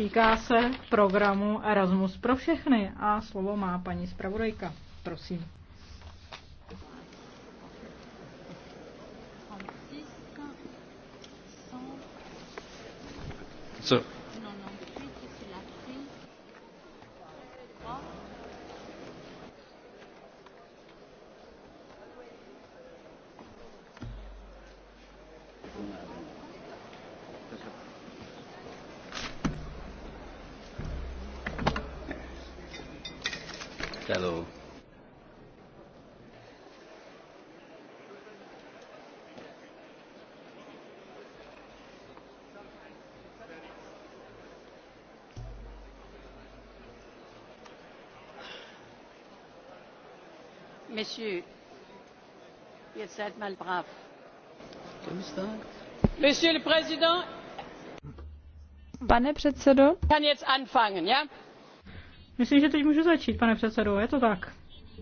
týká se programu Erasmus pro všechny a slovo má paní zpravodajka. Prosím. So, monsieur. Jetzt seid mal brav. Monsieur le Président. Pane předsedo. Kann jetzt anfangen, ja? Myslím, že teď můžu začít, pane předsedo, je to tak.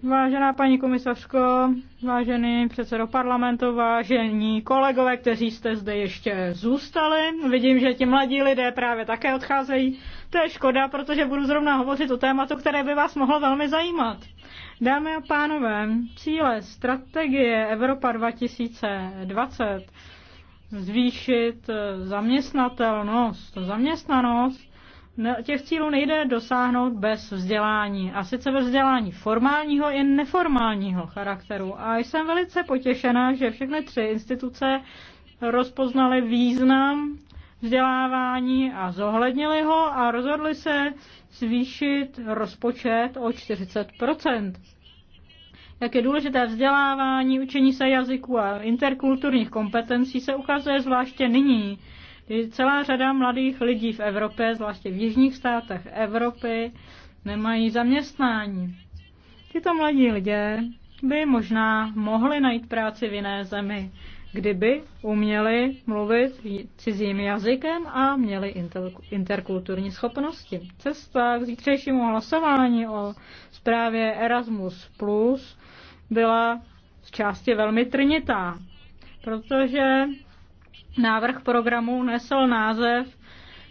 Vážená paní komisařko, vážený předsedo parlamentu, vážení kolegové, kteří jste zde ještě zůstali, vidím, že ti mladí lidé právě také odcházejí. To je škoda, protože budu zrovna hovořit o tématu, které by vás mohlo velmi zajímat. Dámy a pánové, cíle strategie Evropa 2020 zvýšit zaměstnatelnost, zaměstnanost, těch cílů nejde dosáhnout bez vzdělání. A sice bez vzdělání formálního i neformálního charakteru. A jsem velice potěšená, že všechny tři instituce rozpoznaly význam vzdělávání a zohlednili ho a rozhodli se zvýšit rozpočet o 40 jak je důležité vzdělávání, učení se jazyků a interkulturních kompetencí se ukazuje zvláště nyní, kdy celá řada mladých lidí v Evropě, zvláště v jižních státech Evropy, nemají zaměstnání. Tito mladí lidé by možná mohli najít práci v jiné zemi kdyby uměli mluvit cizím jazykem a měli interkulturní schopnosti. Cesta k zítřejšímu hlasování o zprávě Erasmus Plus byla z části velmi trnitá, protože návrh programu nesl název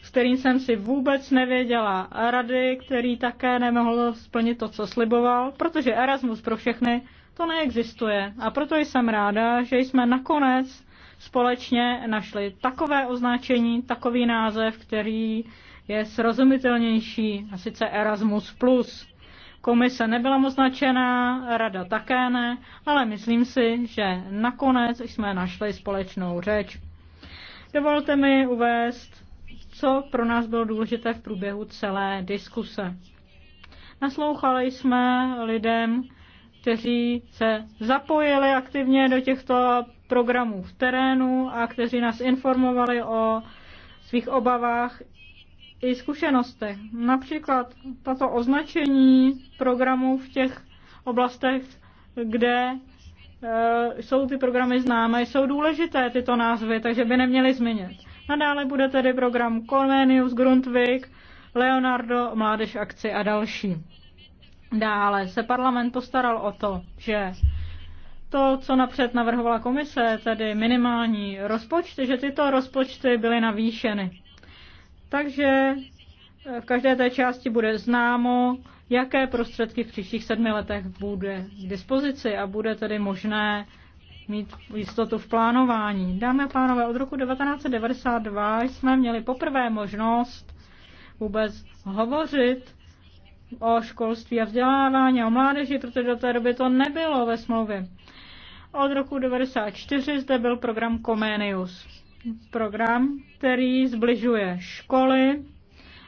s kterým jsem si vůbec nevěděla rady, který také nemohl splnit to, co sliboval, protože Erasmus pro všechny to neexistuje. A proto jsem ráda, že jsme nakonec společně našli takové označení, takový název, který je srozumitelnější, a sice Erasmus+. plus. Komise nebyla označená, rada také ne, ale myslím si, že nakonec jsme našli společnou řeč. Dovolte mi uvést co pro nás bylo důležité v průběhu celé diskuse. Naslouchali jsme lidem, kteří se zapojili aktivně do těchto programů v terénu a kteří nás informovali o svých obavách i zkušenostech. Například tato označení programů v těch oblastech, kde e, jsou ty programy známé, jsou důležité tyto názvy, takže by neměly změnit. Nadále bude tedy program Comenius, Grundvik, Leonardo, Mládež akci a další. Dále se parlament postaral o to, že to, co napřed navrhovala komise, tedy minimální rozpočty, že tyto rozpočty byly navýšeny. Takže eh, v každé té části bude známo, jaké prostředky v příštích sedmi letech bude k dispozici a bude tedy možné mít jistotu v plánování. Dámy a pánové, od roku 1992 jsme měli poprvé možnost vůbec hovořit o školství a vzdělávání a o mládeži, protože do té doby to nebylo ve smlouvě. Od roku 1994 zde byl program Comenius. Program, který zbližuje školy,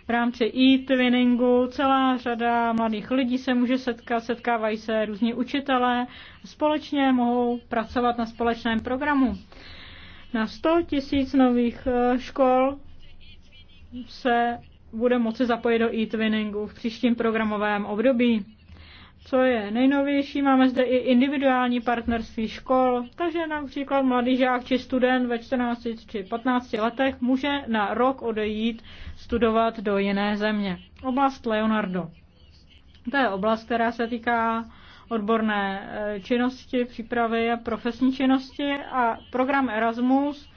v rámci e-twinningu celá řada mladých lidí se může setkat, setkávají se různí učitelé, společně mohou pracovat na společném programu. Na 100 tisíc nových eh, škol se bude moci zapojit do e-twinningu v příštím programovém období. Co je nejnovější, máme zde i individuální partnerství škol, takže například mladý žák či student ve 14 či 15 letech může na rok odejít studovat do jiné země. Oblast Leonardo. To je oblast, která se týká odborné eh, činnosti, přípravy a profesní činnosti a program Erasmus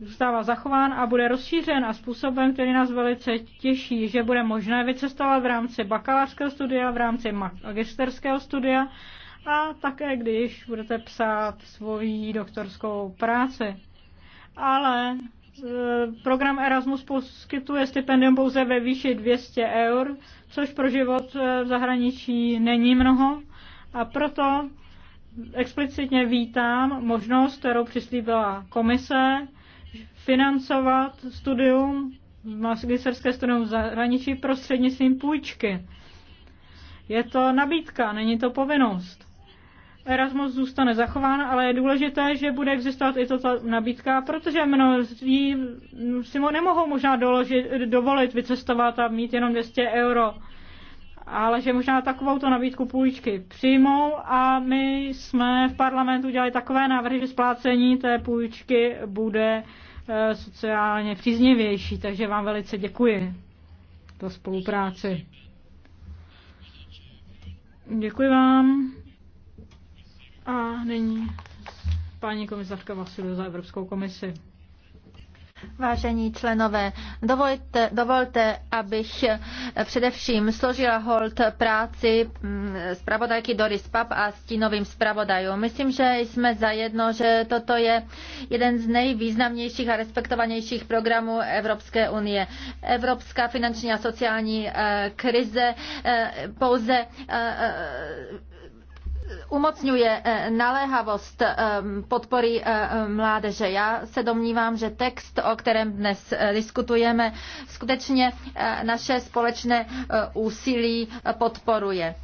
zůstává zachován a bude rozšířen a způsobem, který nás velice těší, že bude možné vycestovat v rámci bakalářského studia, v rámci magisterského studia a také, když budete psát svoji doktorskou práci. Ale e, program Erasmus poskytuje stipendium pouze ve výši 200 eur, což pro život e, v zahraničí není mnoho a proto explicitně vítám možnost, kterou přislíbila komise, financovat studium, magisterské studium v zahraničí prostřednictvím půjčky. Je to nabídka, není to povinnost. Erasmus zůstane zachován, ale je důležité, že bude existovat i toto nabídka, protože mnozí si mu nemohou možná doložit, dovolit vycestovat a mít jenom 200 euro, ale že možná takovou to nabídku půjčky přijmou a my jsme v parlamentu dělali takové návrhy, že splácení té půjčky bude Eh, sociálně příznivější, takže vám velice děkuji za spolupráci. Děkuji vám. A nyní paní komisařka Vasilu za Evropskou komisi. Vážení členové, dovolte, dovolte, abych především složila hold práci mm, zpravodajky Doris Pap a stínovým zpravodajům. Myslím, že jsme zajedno, že toto je jeden z nejvýznamnějších a respektovanějších programů Evropské unie. Evropská finanční a sociální eh, krize eh, pouze eh, umocňuje eh, naléhavost eh, podpory eh, mládeže. Já se domnívám, že text, o kterém dnes diskutujeme, skutečně naše společné úsilí podporuje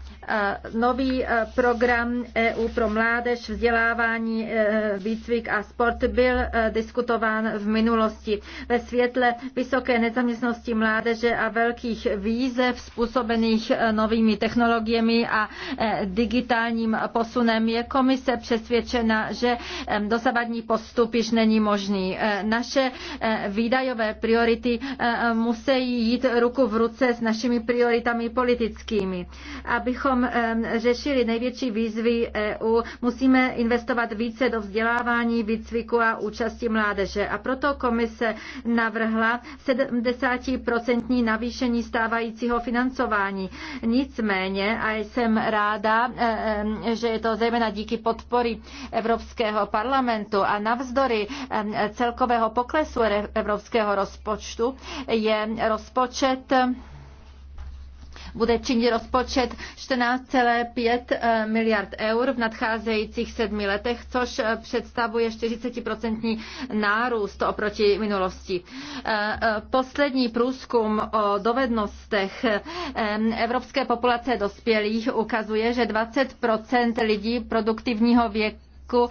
nový e, program EU pro mládež, vzdělávání, e, výcvik a sport byl e, diskutován v minulosti. Ve světle vysoké nezaměstnosti mládeže a velkých výzev způsobených novými technologiemi a digitálním posunem je komise přesvědčena, že dosavadní postup již není možný. Naše výdajové priority musí jít ruku v ruce s našimi prioritami politickými. Abychom abychom řešili největší výzvy EU, musíme investovat více do vzdělávání, výcviku a účasti mládeže. A proto komise navrhla 70% navýšení stávajícího financování. Nicméně, a jsem ráda, že je to zejména díky podpory Evropského parlamentu a navzdory celkového poklesu evropského rozpočtu je rozpočet bude činit rozpočet 14,5 eh, miliard eur v nadcházejících sedmi letech, což eh, představuje 40% nárůst oproti minulosti. Eh, poslední průzkum o dovednostech evropské populace dospělých ukazuje, že 20% lidí produktivního věku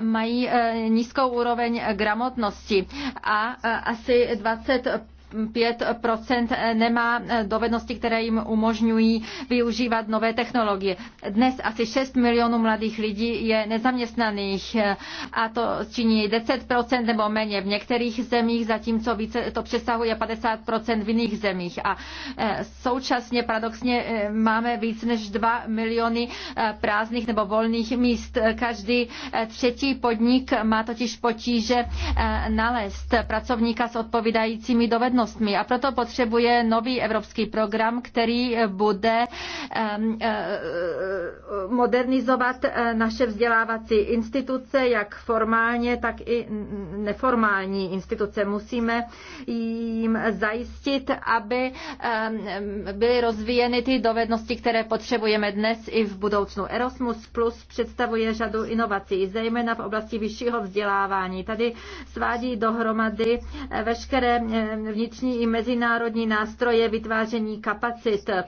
mají nízkou úroveň gramotnosti a asi 20 5 nemá dovednosti, které jim umožňují využívat nové technologie. Dnes asi 6 milionů mladých lidí je nezaměstnaných a to činí 10 nebo méně v některých zemích, zatímco více, to přesahuje 50 v jiných zemích. A e, současně paradoxně e, máme víc než 2 miliony e, prázdných nebo volných míst. Každý třetí podnik má totiž potíže nalézt pracovníka s odpovídajícími dovednostmi schopnostmi a proto potřebuje nový evropský program, který eh, bude eh, eh, modernizovat naše vzdělávací instituce, jak formálně, tak i neformální instituce. Musíme jim zajistit, aby byly rozvíjeny ty dovednosti, které potřebujeme dnes i v budoucnu. Erasmus Plus představuje řadu inovací, zejména v oblasti vyššího vzdělávání. Tady svádí dohromady veškeré vnitř vnitřní i mezinárodní nástroje vytváření kapacit eh,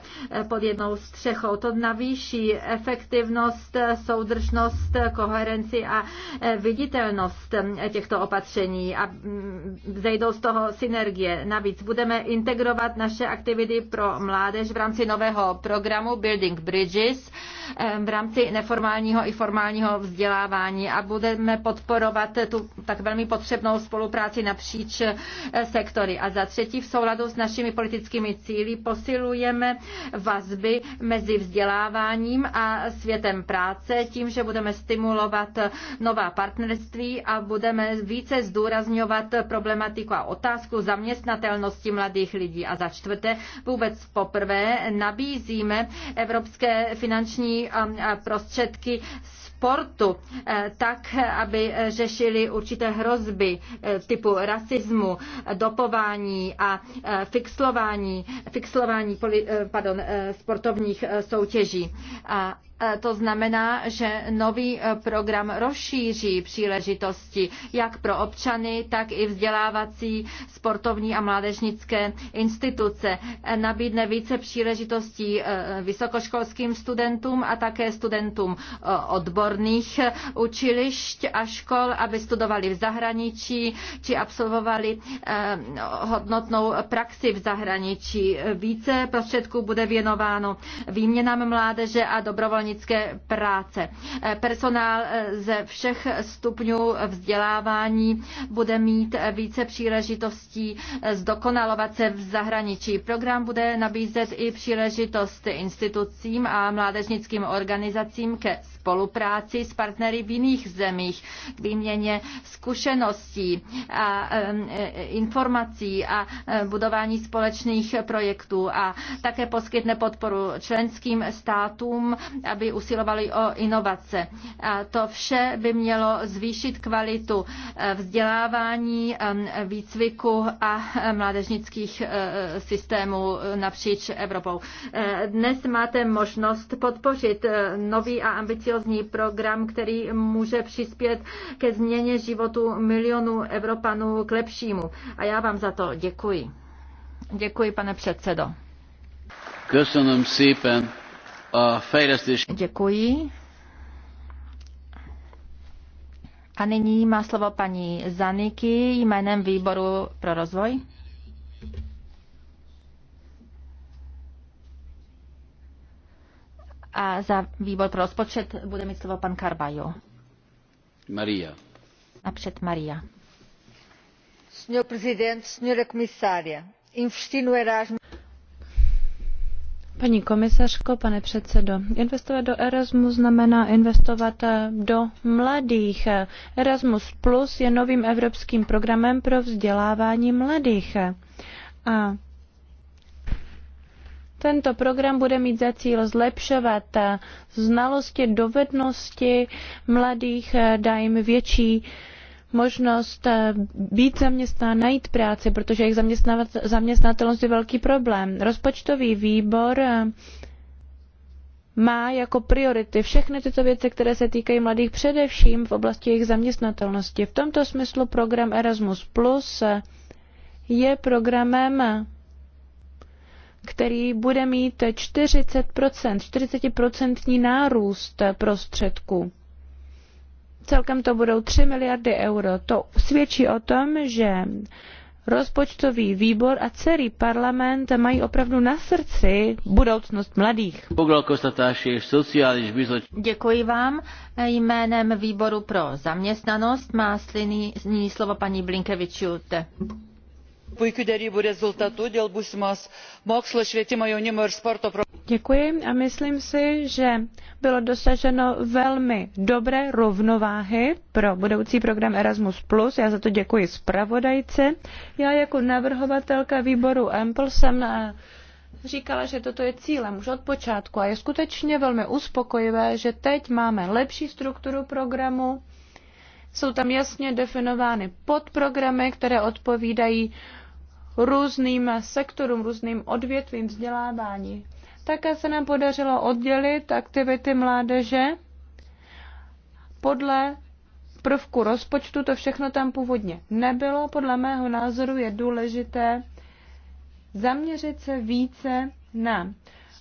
pod jednou střechou. To navýší efektivnost, soudržnost, koherenci a eh, viditelnost eh, těchto opatření a mm, zejdou z toho synergie. Navíc budeme integrovat naše aktivity pro mládež v rámci nového programu Building Bridges v rámci neformálního i formálního vzdělávání a budeme podporovat tu tak velmi potřebnou spolupráci napříč sektory. A za třetí v souladu s našimi politickými cíly posilujeme vazby mezi vzděláváním a světem práce tím, že budeme stimulovat nová partnerství a budeme více zdůrazňovat problematiku a otázku zaměstnatelnosti mladých lidí. A za čtvrté, vůbec poprvé nabízíme evropské finanční prostředky s sportu eh, tak, eh, aby řešili určité hrozby eh, typu rasismu, dopování a fixlování, fixlování pardon, sportovních soutěží. A E, to znamená, že nový e, program rozšíří příležitosti jak pro občany, tak i vzdělávací, sportovní a mládežnické instituce. E, nabídne více příležitostí vysokoškolským studentům a také studentům odborných učilišť a škol, aby studovali v zahraničí či absolvovali hodnotnou praxi v zahraničí. Více prostředků bude věnováno výměnám mládeže a dobrovolně stranické práce. Eh, Personál eh, ze všech stupňů vzdělávání bude mít eh, více příležitostí zdokonalovat se v zahraničí. Program bude nabízet i příležitost institucím a mládežnickým organizacím ke spolupráci s partnery v jiných zemích, k výměně zkušeností a e, informací a e, budování společných projektů a také poskytne podporu členským státům, aby usilovali o inovace. A to vše by mělo zvýšit kvalitu e, vzdělávání, výcviku a mládežnických systémů napříč Evropou. Dnes máte možnost podpořit nový a ambiciozní ambiciozní program, který může přispět ke změně životu milionů Evropanů k lepšímu. A já vám za to děkuji. Děkuji, pane předsedo. Děkuji. A nyní má slovo paní Zaniky jménem Výboru pro rozvoj. A za výbor pro rozpočet bude mít slovo pan Carbajo. Maria. Napřed Maria. Senhor presidente, senhora comissária, investir no Erasmus. Paní komisařko, pane předsedo, investovat do Erasmus znamená investovat eh, do mladých. Erasmus Plus je novým evropským programem pro vzdělávání mladých. A tento program bude mít za cíl zlepšovat znalosti, dovednosti mladých, dá jim větší možnost eh, být zaměstnán, najít práci, protože jejich zaměstnatelnost je velký problém. Rozpočtový výbor eh, má jako priority všechny tyto věci, které se týkají mladých především v oblasti jejich zaměstnatelnosti. V tomto smyslu program Erasmus Plus eh, je programem který bude mít 40%, 40% nárůst prostředků. Celkem to budou 3 miliardy euro. To svědčí o tom, že rozpočtový výbor a celý parlament mají opravdu na srdci budoucnost mladých. Děkuji vám. Jménem výboru pro zaměstnanost má sliny slovo paní Blinkevičiute puikiu derybų rezultatu dėl būsimos mokslo švietimo jaunimo ir sporto Děkuji a myslím si, že bylo dosaženo velmi dobré rovnováhy pro budoucí program Erasmus+. Já za to děkuji zpravodajce. Já jako navrhovatelka výboru EMPL jsem eh, říkala, že toto je cílem už od počátku a je skutečně velmi uspokojivé, že teď máme lepší strukturu programu, jsou tam jasně definovány podprogramy, které odpovídají různým sektorům, různým odvětvím vzdělávání. Také se nám podařilo oddělit aktivity mládeže podle prvku rozpočtu, to všechno tam původně nebylo. Podle mého názoru je důležité zaměřit se více na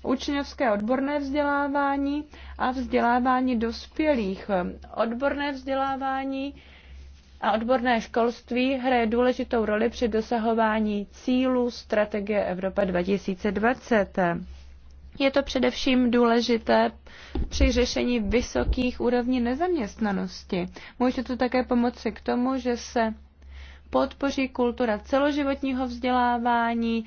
učňovské odborné vzdělávání a vzdělávání dospělých. Odborné vzdělávání a odborné školství hraje důležitou roli při dosahování cílů strategie Evropa 2020. Je to především důležité při řešení vysokých úrovní nezaměstnanosti. Může to také pomoci k tomu, že se podpoří kultura celoživotního vzdělávání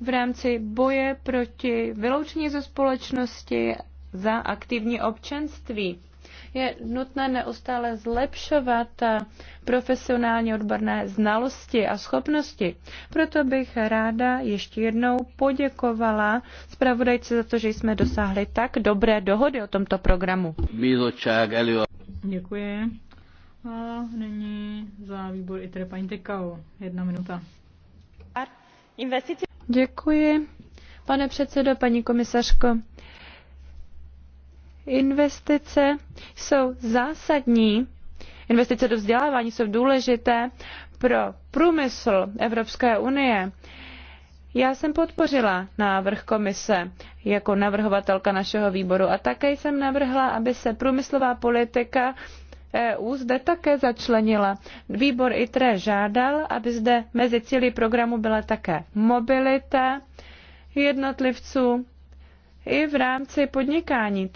v rámci boje proti vyloučení ze společnosti za aktivní občanství. Je nutné neustále zlepšovat profesionální odborné znalosti a schopnosti. Proto bych ráda ještě jednou poděkovala zpravodajci za to, že jsme dosáhli tak dobré dohody o tomto programu. Děkuji. A nyní za výbor ITRE paní Tykau. Jedna minuta. Děkuji. Pane předsedo, paní komisařko, Investice jsou zásadní, investice do vzdělávání jsou důležité pro průmysl Evropské unie. Já jsem podpořila návrh komise jako navrhovatelka našeho výboru a také jsem navrhla, aby se průmyslová politika EU zde také začlenila. Výbor ITRE žádal, aby zde mezi cíly programu byla také mobilita jednotlivců i v rámci podnikání.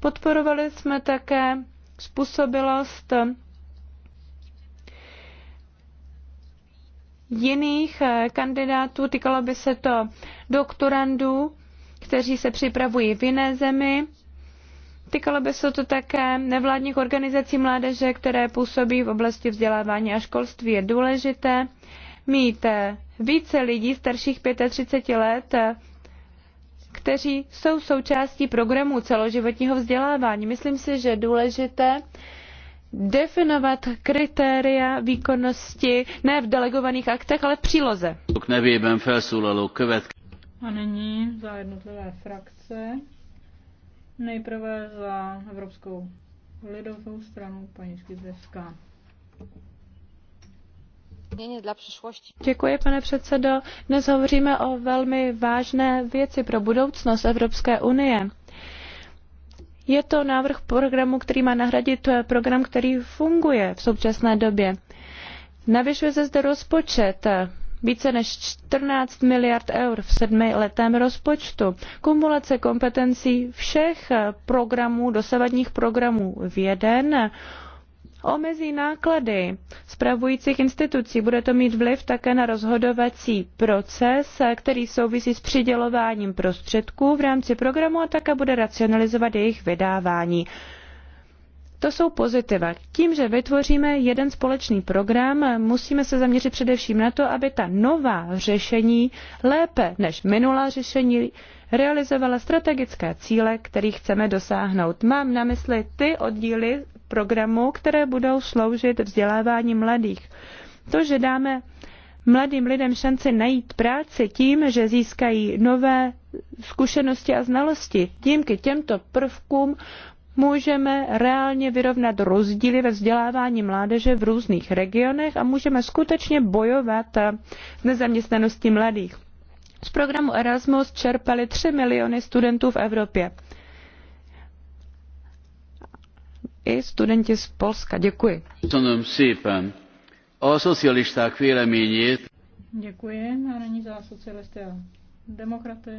Podporovali jsme také způsobilost jiných eh, kandidátů, týkalo by se to doktorandů, kteří se připravují v jiné zemi. Týkalo by se to také nevládních organizací mládeže, které působí v oblasti vzdělávání a školství. Je důležité mít eh, více lidí starších 35 let eh, kteří jsou součástí programu celoživotního vzdělávání. Myslím si, že je důležité definovat kritéria výkonnosti ne v delegovaných aktech, ale v příloze. A nyní za jednotlivé frakce. Nejprve za Evropskou lidovou stranu paní Skizevská. Děkuji, pane předsedo. Dnes hovoříme o velmi vážné věci pro budoucnost Evropské unie. Je to návrh programu, který má nahradit program, který funguje v současné době. Navyšuje se zde rozpočet více než 14 miliard eur v sedmiletém rozpočtu. Kumulace kompetencí všech programů, dosavadních programů v jeden omezí náklady spravujících institucí. Bude to mít vliv také na rozhodovací proces, eh, který souvisí s přidělováním prostředků v rámci programu a také bude racionalizovat jejich vydávání. To jsou pozitiva. Tím, že vytvoříme jeden společný program, eh, musíme se zaměřit především na to, aby ta nová řešení lépe než minulá řešení realizovala strategické cíle, kterých chceme dosáhnout. Mám na mysli ty oddíly programu, které budou sloužit vzdělávání mladých. To, že dáme mladým lidem šanci najít práci tím, že získají nové zkušenosti a znalosti. Díky těmto prvkům můžeme reálně vyrovnat rozdíly ve vzdělávání mládeže v různých regionech a můžeme skutečně bojovat s nezaměstnaností mladých. Z programu Erasmus čerpali 3 miliony studentů v Evropě. I studenti z Polska. Děkuji. A szocialisták véleményét. Děkuji. A není za socialisty a demokraty.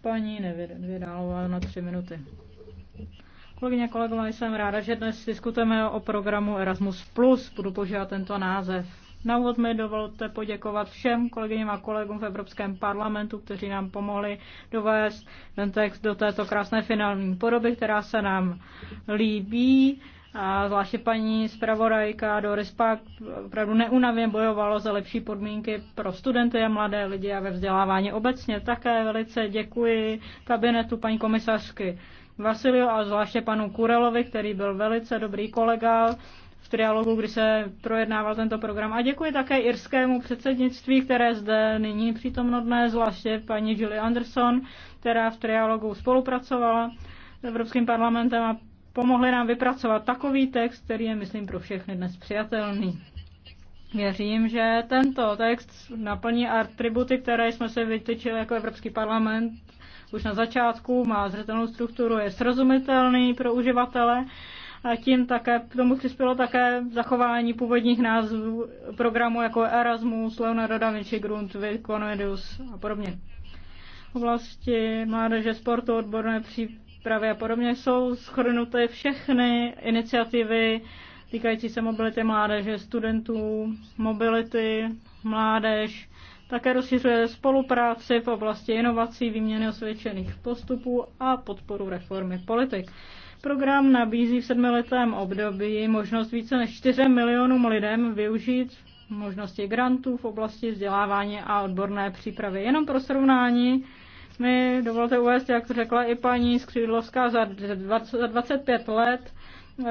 Paní Nevědálová na tři minuty. Kolegyně, kolegové, jsem ráda, že dnes diskutujeme o programu Erasmus+. Budu používat tento název na úvod mi dovolte poděkovat všem kolegyním a kolegům v Evropském parlamentu, kteří nám pomohli dovést ten text do této krásné finální podoby, která se nám líbí. A zvláště paní zpravodajka Doris Pak opravdu neunavně bojovalo za lepší podmínky pro studenty a mladé lidi a ve vzdělávání obecně. Také velice děkuji kabinetu paní komisařky Vasilio a zvláště panu Kurelovi, který byl velice dobrý kolega trialogu, kdy se projednával tento program. A děkuji také irskému předsednictví, které zde nyní přítomno dnes, zvláště paní Julie Anderson, která v trialogu spolupracovala s Evropským parlamentem a pomohli nám vypracovat takový text, který je, myslím, pro všechny dnes přijatelný. Věřím, že tento text naplní atributy, které jsme se vytyčili jako Evropský parlament už na začátku, má zřetelnou strukturu, je srozumitelný pro uživatele a tím také k tomu přispělo také zachování původních názvů programu jako Erasmus, Leonardo da Vinci, Grund, Cornelius a podobně. V oblasti mládeže, sportu, odborné přípravy a podobně jsou schrnuty všechny iniciativy týkající se mobility mládeže, studentů, mobility, mládež, také rozšiřuje spolupráci v oblasti inovací, výměny osvědčených postupů a podporu reformy politik program nabízí v sedmiletém období možnost více než 4 milionům lidem využít možnosti grantů v oblasti vzdělávání a odborné přípravy. Jenom pro srovnání mi dovolte uvést, jak řekla i paní Skřídlovská, za 20, 25 let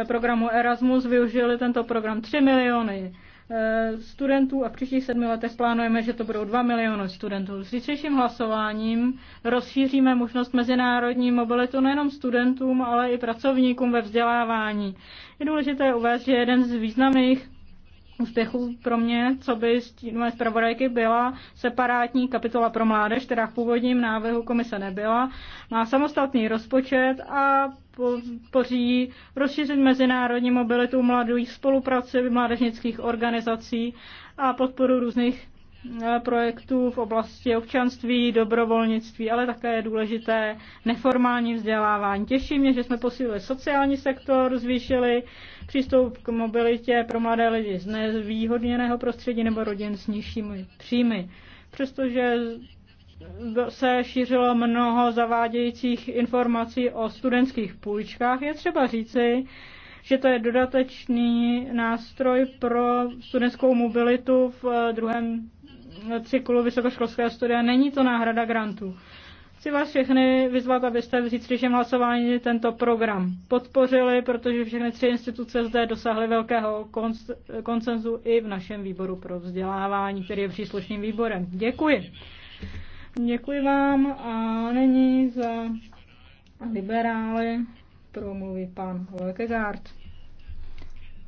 programu Erasmus využili tento program 3 miliony Eh, studentů a v příštích sedmi letech plánujeme, že to budou 2 miliony studentů. S zítřejším hlasováním rozšíříme možnost mezinárodní mobilitu nejenom studentům, ale i pracovníkům ve vzdělávání. Je důležité uvést, že jeden z významných úspěchů pro mě, co by stínové zpravodajky byla separátní kapitola pro mládež, která v původním návrhu komise nebyla. Má samostatný rozpočet a pořídí rozšířit mezinárodní mobilitu mladých spolupráci mládežnických organizací a podporu různých Eh, projektů v oblasti občanství, dobrovolnictví, ale také je důležité neformální vzdělávání. Těší mě, že jsme posílili sociální sektor, zvýšili přístup k mobilitě pro mladé lidi z nezvýhodněného prostředí nebo rodin s nižšími příjmy. Přestože se šířilo mnoho zavádějících informací o studentských půjčkách, je třeba říci, že to je dodatečný nástroj pro studentskou mobilitu v eh, druhém cyklu vysokoškolského studia. Není to náhrada grantů. Chci vás všechny vyzvat, abyste v zítřejším hlasování tento program podpořili, protože všechny tři instituce zde dosáhly velkého konsenzu i v našem výboru pro vzdělávání, který je příslušným výborem. Děkuji. Děkuji vám a nyní za liberály promluví pan Lekegaard.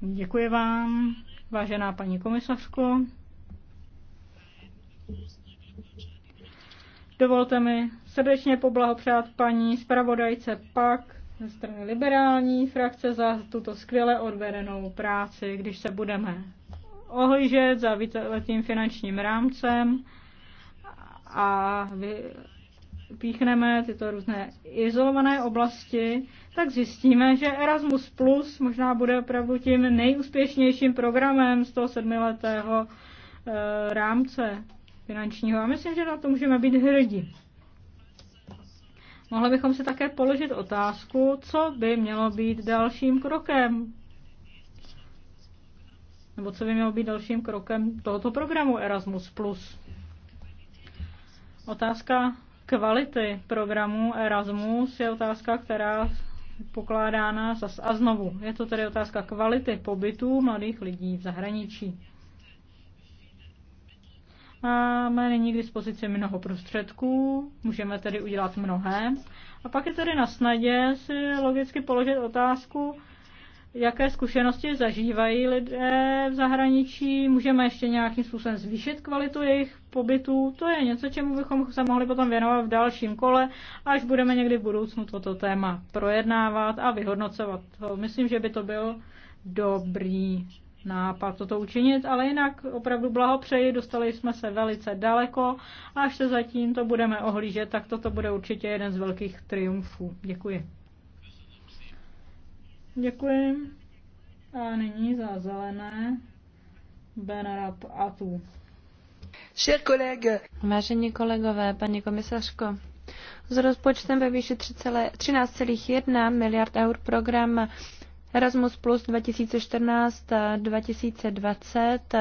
Děkuji vám, vážená paní komisařko. Dovolte mi srdečně poblahopřát paní zpravodajce PAK ze strany liberální frakce za tuto skvěle odvedenou práci, když se budeme ohlížet za víceletým finančním rámcem a píchneme tyto různé izolované oblasti, tak zjistíme, že Erasmus Plus možná bude opravdu tím nejúspěšnějším programem z toho sedmiletého eh, rámce finančního a myslím, že na to můžeme být hrdí. Mohli bychom si také položit otázku, co by mělo být dalším krokem nebo co by mělo být dalším krokem tohoto programu Erasmus+. Otázka kvality programu Erasmus je otázka, která pokládána zas a znovu. Je to tedy otázka kvality pobytu mladých lidí v zahraničí. Máme nyní k dispozici mnoho prostředků, můžeme tedy udělat mnohé. A pak je tedy na snadě si logicky položit otázku, jaké zkušenosti zažívají lidé v zahraničí, můžeme ještě nějakým způsobem zvýšit kvalitu jejich pobytu. To je něco, čemu bychom se mohli potom věnovat v dalším kole, až budeme někdy v budoucnu toto téma projednávat a vyhodnocovat. Myslím, že by to byl dobrý nápad toto učinit, ale jinak opravdu blahopřeji, dostali jsme se velice daleko a až se zatím to budeme ohlížet, tak toto bude určitě jeden z velkých triumfů. Děkuji. Děkuji. A nyní za zelené Benarab Atu. Vážení kolegové, paní komisařko, s rozpočtem ve výši 13,1 miliard eur program Erasmus Plus 2014-2020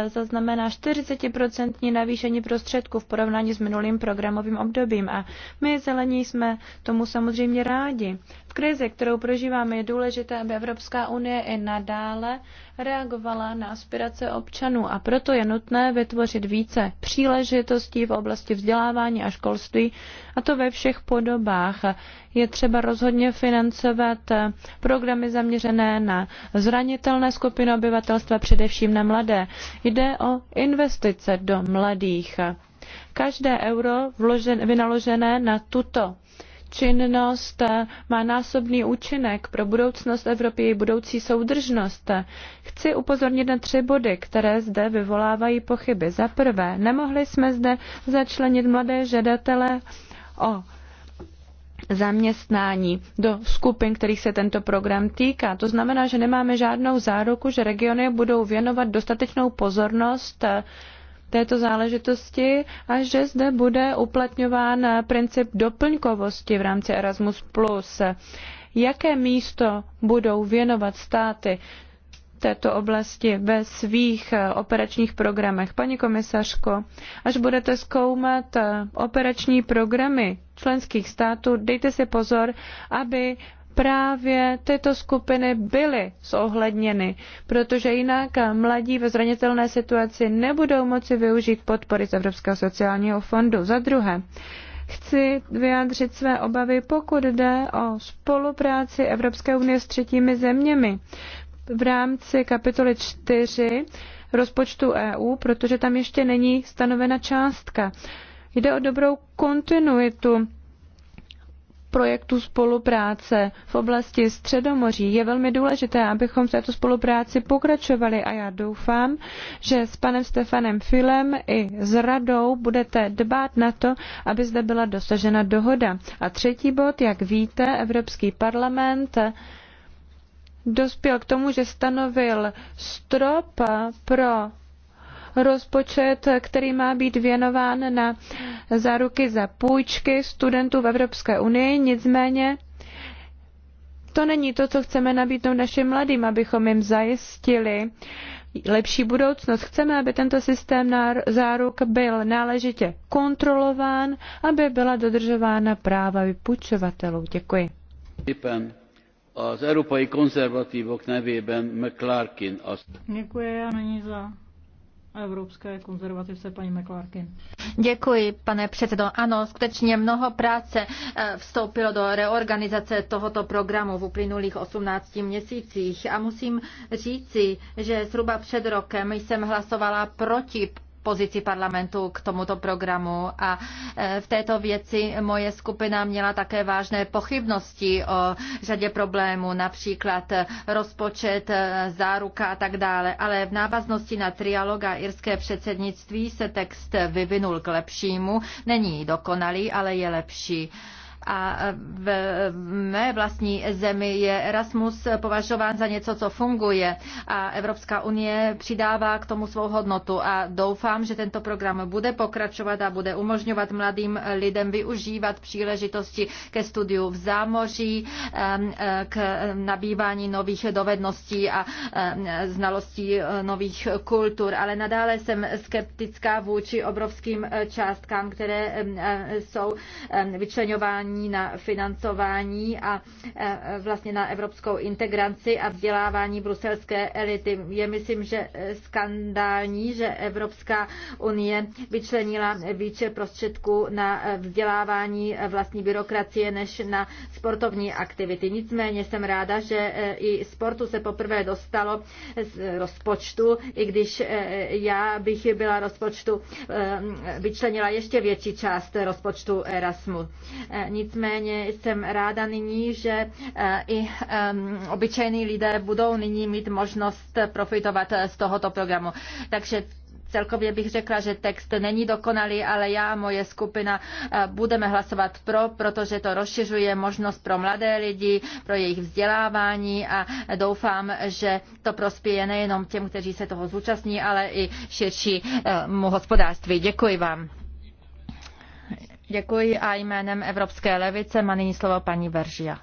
zaznamená 40% navýšení prostředků v porovnání s minulým programovým obdobím a my zelení jsme tomu samozřejmě rádi. V krizi, kterou prožíváme, je důležité, aby Evropská unie i nadále reagovala na aspirace občanů a proto je nutné vytvořit více příležitostí v oblasti vzdělávání a školství a to ve všech podobách. Je třeba rozhodně financovat programy zaměřené na zranitelné skupiny obyvatelstva, především na mladé. Jde o investice do mladých. Každé euro vložen, vynaložené na tuto činnost má násobný účinek pro budoucnost Evropy, i budoucí soudržnost. Chci upozornit na tři body, které zde vyvolávají pochyby. Za prvé, nemohli jsme zde začlenit mladé žadatele o zaměstnání do skupin, kterých se tento program týká. To znamená, že nemáme žádnou záruku, že regiony budou věnovat dostatečnou pozornost této záležitosti a že zde bude uplatňován eh, princip doplňkovosti v rámci Erasmus+. Jaké místo budou věnovat státy této oblasti ve svých eh, operačních programech. Paní komisařko, až budete zkoumat eh, operační programy členských států, dejte si pozor, aby právě tyto skupiny byly zohledněny, protože jinak mladí ve zranitelné situaci nebudou moci využít podpory z Evropského sociálního fondu. Za druhé, chci vyjádřit své obavy, pokud jde o spolupráci Evropské unie s třetími zeměmi v rámci kapitoly 4 rozpočtu EU, protože tam ještě není stanovena částka. Jde o dobrou kontinuitu projektu spolupráce v oblasti Středomoří. Je velmi důležité, abychom v této spolupráci pokračovali a já doufám, že s panem Stefanem Filem i s radou budete dbát na to, aby zde byla dosažena dohoda. A třetí bod, jak víte, Evropský parlament dospěl k tomu, že stanovil strop pro rozpočet, který má být věnován na záruky za půjčky studentů v Evropské unii, nicméně to není to, co chceme nabídnout našim mladým, abychom jim zajistili lepší budoucnost. Chceme, aby tento systém záruk byl náležitě kontrolován, aby byla dodržována práva vypůjčovatelů. Děkuji. Az európai konzervatívok nevében McClarkin azt. Děkuji a evropské konzervativce paní McClarkin. Děkuji, pane předsedo. Ano, skutečně mnoho práce eh, vstoupilo do reorganizace tohoto programu v uplynulých 18 měsících a musím říci, že zhruba před rokem jsem hlasovala proti pozici parlamentu k tomuto programu a e, v této věci moje skupina měla také vážné pochybnosti o řadě problémů, například rozpočet, e, záruka a tak dále, ale v návaznosti na trialog a irské předsednictví se text vyvinul k lepšímu. Není dokonalý, ale je lepší. A v mé vlastní zemi je Erasmus považován za něco, co funguje a Evropská unie přidává k tomu svou hodnotu a doufám, že tento program bude pokračovat a bude umožňovat mladým lidem využívat příležitosti ke studiu v zámoří, eh, k nabývání nových dovedností a eh, znalostí eh, nových kultur. Ale nadále jsem skeptická vůči obrovským částkám, které jsou vyčleňovány zaměření na financování a e, vlastně na evropskou integraci a vzdělávání bruselské elity. Je myslím, že e, skandální, že Evropská unie vyčlenila více prostředků na e, vzdělávání vlastní byrokracie než na sportovní aktivity. Nicméně jsem ráda, že i sportu se poprvé dostalo z rozpočtu, i když já bych byla rozpočtu, vyčlenila ještě větší část rozpočtu Erasmu. Nicméně Nicméně jsem ráda nyní, že e, i obyčejní lidé budou nyní mít možnost profitovat z tohoto programu. Takže celkově bych řekla, že text není dokonalý, ale já a moje skupina e, budeme hlasovat pro, protože to rozšiřuje možnost pro mladé lidi, pro jejich vzdělávání a doufám, že to prospěje nejenom těm, kteří se toho zúčastní, ale i širšímu e, hospodářství. Děkuji vám. Děkuji a jménem Evropské levice má nyní slovo paní Veržia.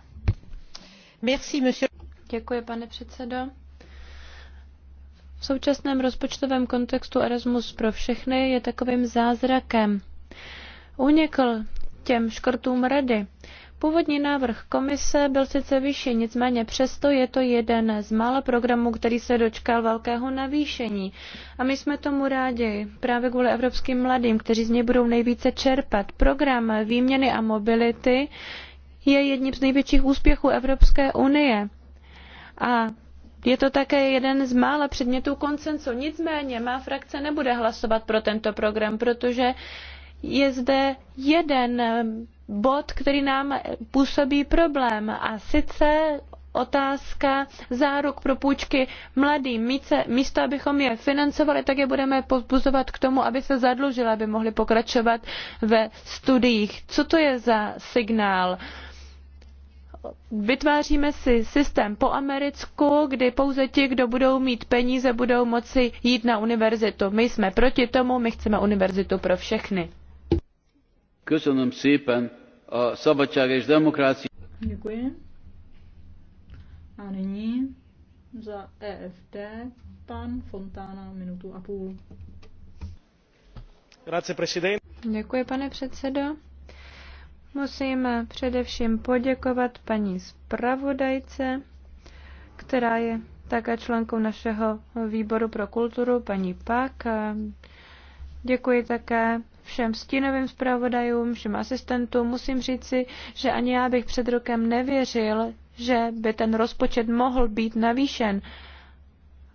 Merci, monsieur. Děkuji, pane předsedo. V současném rozpočtovém kontextu Erasmus pro všechny je takovým zázrakem. Unikl těm škrtům rady. Původní návrh komise byl sice vyšší, nicméně přesto je to jeden z mála programů, který se dočkal velkého navýšení. A my jsme tomu rádi, právě kvůli evropským mladým, kteří z něj budou nejvíce čerpat. Program výměny a mobility je jedním z největších úspěchů Evropské unie. A je to také jeden z mála předmětů koncensu. Nicméně má frakce nebude hlasovat pro tento program, protože je zde jeden bod, který nám působí problém a sice otázka záruk pro půjčky mladým. Místo, abychom je financovali, tak je budeme pozbuzovat k tomu, aby se zadlužili, aby mohli pokračovat ve studiích. Co to je za signál? vytváříme si systém po americku, kdy pouze ti, kdo budou mít peníze, budou moci jít na univerzitu. My jsme proti tomu, my chceme univerzitu pro všechny. Děkuji. A nyní za EFD pan Fontána minutu a půl. Děkuji, pane předsedo. Musím především poděkovat paní zpravodajce, která je také členkou našeho výboru pro kulturu, paní Pak. Děkuji také všem stínovým zpravodajům, všem asistentům. Musím říci, že ani já bych před rokem nevěřil, že by ten rozpočet mohl být navýšen.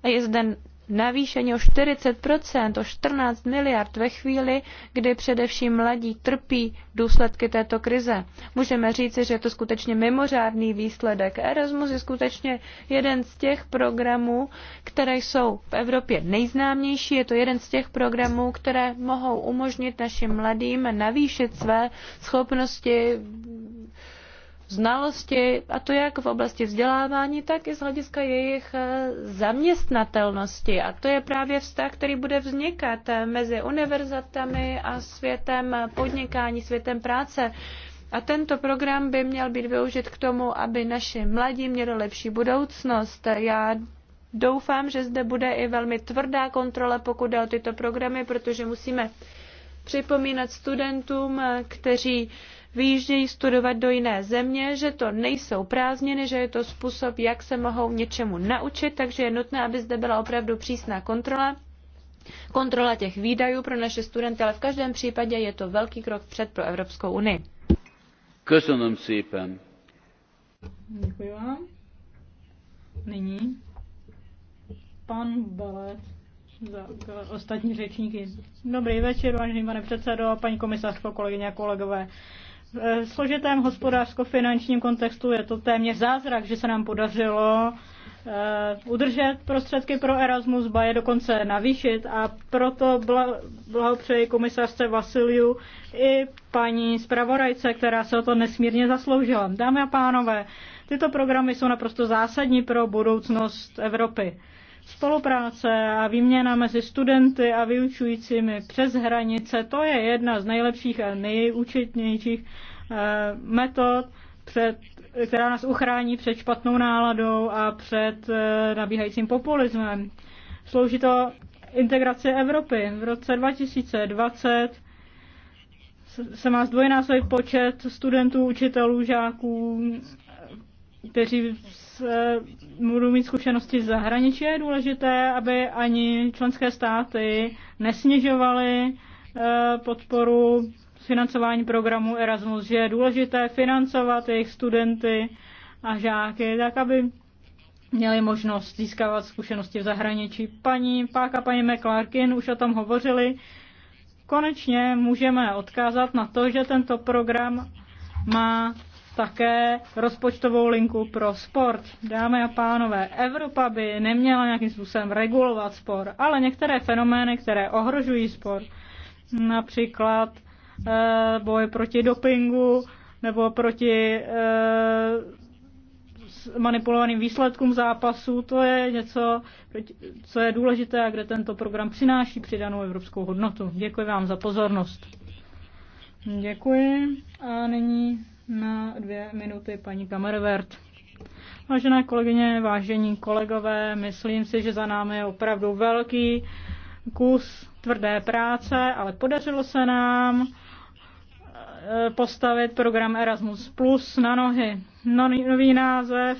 A je zde navýšení o 40%, o 14 miliard ve chvíli, kdy především mladí trpí důsledky této krize. Můžeme říci, že je to skutečně mimořádný výsledek. Erasmus je skutečně jeden z těch programů, které jsou v Evropě nejznámější. Je to jeden z těch programů, které mohou umožnit našim mladým navýšit své schopnosti znalosti, a to jak v oblasti vzdělávání, tak i z hlediska jejich eh, zaměstnatelnosti. A to je právě vztah, který bude vznikat eh, mezi univerzitami a světem podnikání, světem práce. A tento program by měl být využit k tomu, aby naši mladí měli lepší budoucnost. Já doufám, že zde bude i velmi tvrdá kontrola, pokud jde o tyto programy, protože musíme připomínat studentům, eh, kteří vyjíždějí studovat do jiné země, že to nejsou prázdniny, že je to způsob, jak se mohou něčemu naučit, takže je nutné, aby zde byla opravdu přísná kontrola. Kontrola těch výdajů pro naše studenty, ale v každém případě je to velký krok před pro Evropskou unii. Köszönöm szépen. Děkuji vám. Nyní pan Balec za ostatní řečníky. Dobrý večer, vážený pane předsedo, paní komisařko, kolegyně a kolegové. V eh, složitém hospodářsko-finančním kontextu je to téměř zázrak, že se nám podařilo eh, udržet prostředky pro Erasmus, ba je dokonce navýšit a proto blahopřeji komisařce Vasiliu i paní zpravodajce, která se o to nesmírně zasloužila. Dámy a pánové, tyto programy jsou naprosto zásadní pro budoucnost Evropy. Spolupráce a výměna mezi studenty a vyučujícími přes hranice, to je jedna z nejlepších a nejúčetnějších eh, metod, před, která nás uchrání před špatnou náladou a před eh, nabíhajícím populismem. Slouží to integraci Evropy. V roce 2020 se má zdvojnásobit počet studentů, učitelů, žáků, kteří budou mít zkušenosti z zahraničí, je důležité, aby ani členské státy nesnižovaly eh, podporu financování programu Erasmus, že je důležité financovat jejich studenty a žáky, tak aby měli možnost získávat zkušenosti v zahraničí. Paní Pák a paní McClarkin už o tom hovořili. Konečně můžeme odkázat na to, že tento program má také rozpočtovou linku pro sport. Dámy a pánové, Evropa by neměla nějakým způsobem regulovat sport, ale některé fenomény, které ohrožují sport, například eh, boj proti dopingu nebo proti eh, manipulovaným výsledkům zápasů, to je něco, co je důležité a kde tento program přináší přidanou evropskou hodnotu. Děkuji vám za pozornost. Děkuji a nyní na dvě minuty paní Kamervert. Vážené kolegyně, vážení kolegové, myslím si, že za námi je opravdu velký kus tvrdé práce, ale podařilo se nám eh, postavit program Erasmus Plus na nohy. No, nový název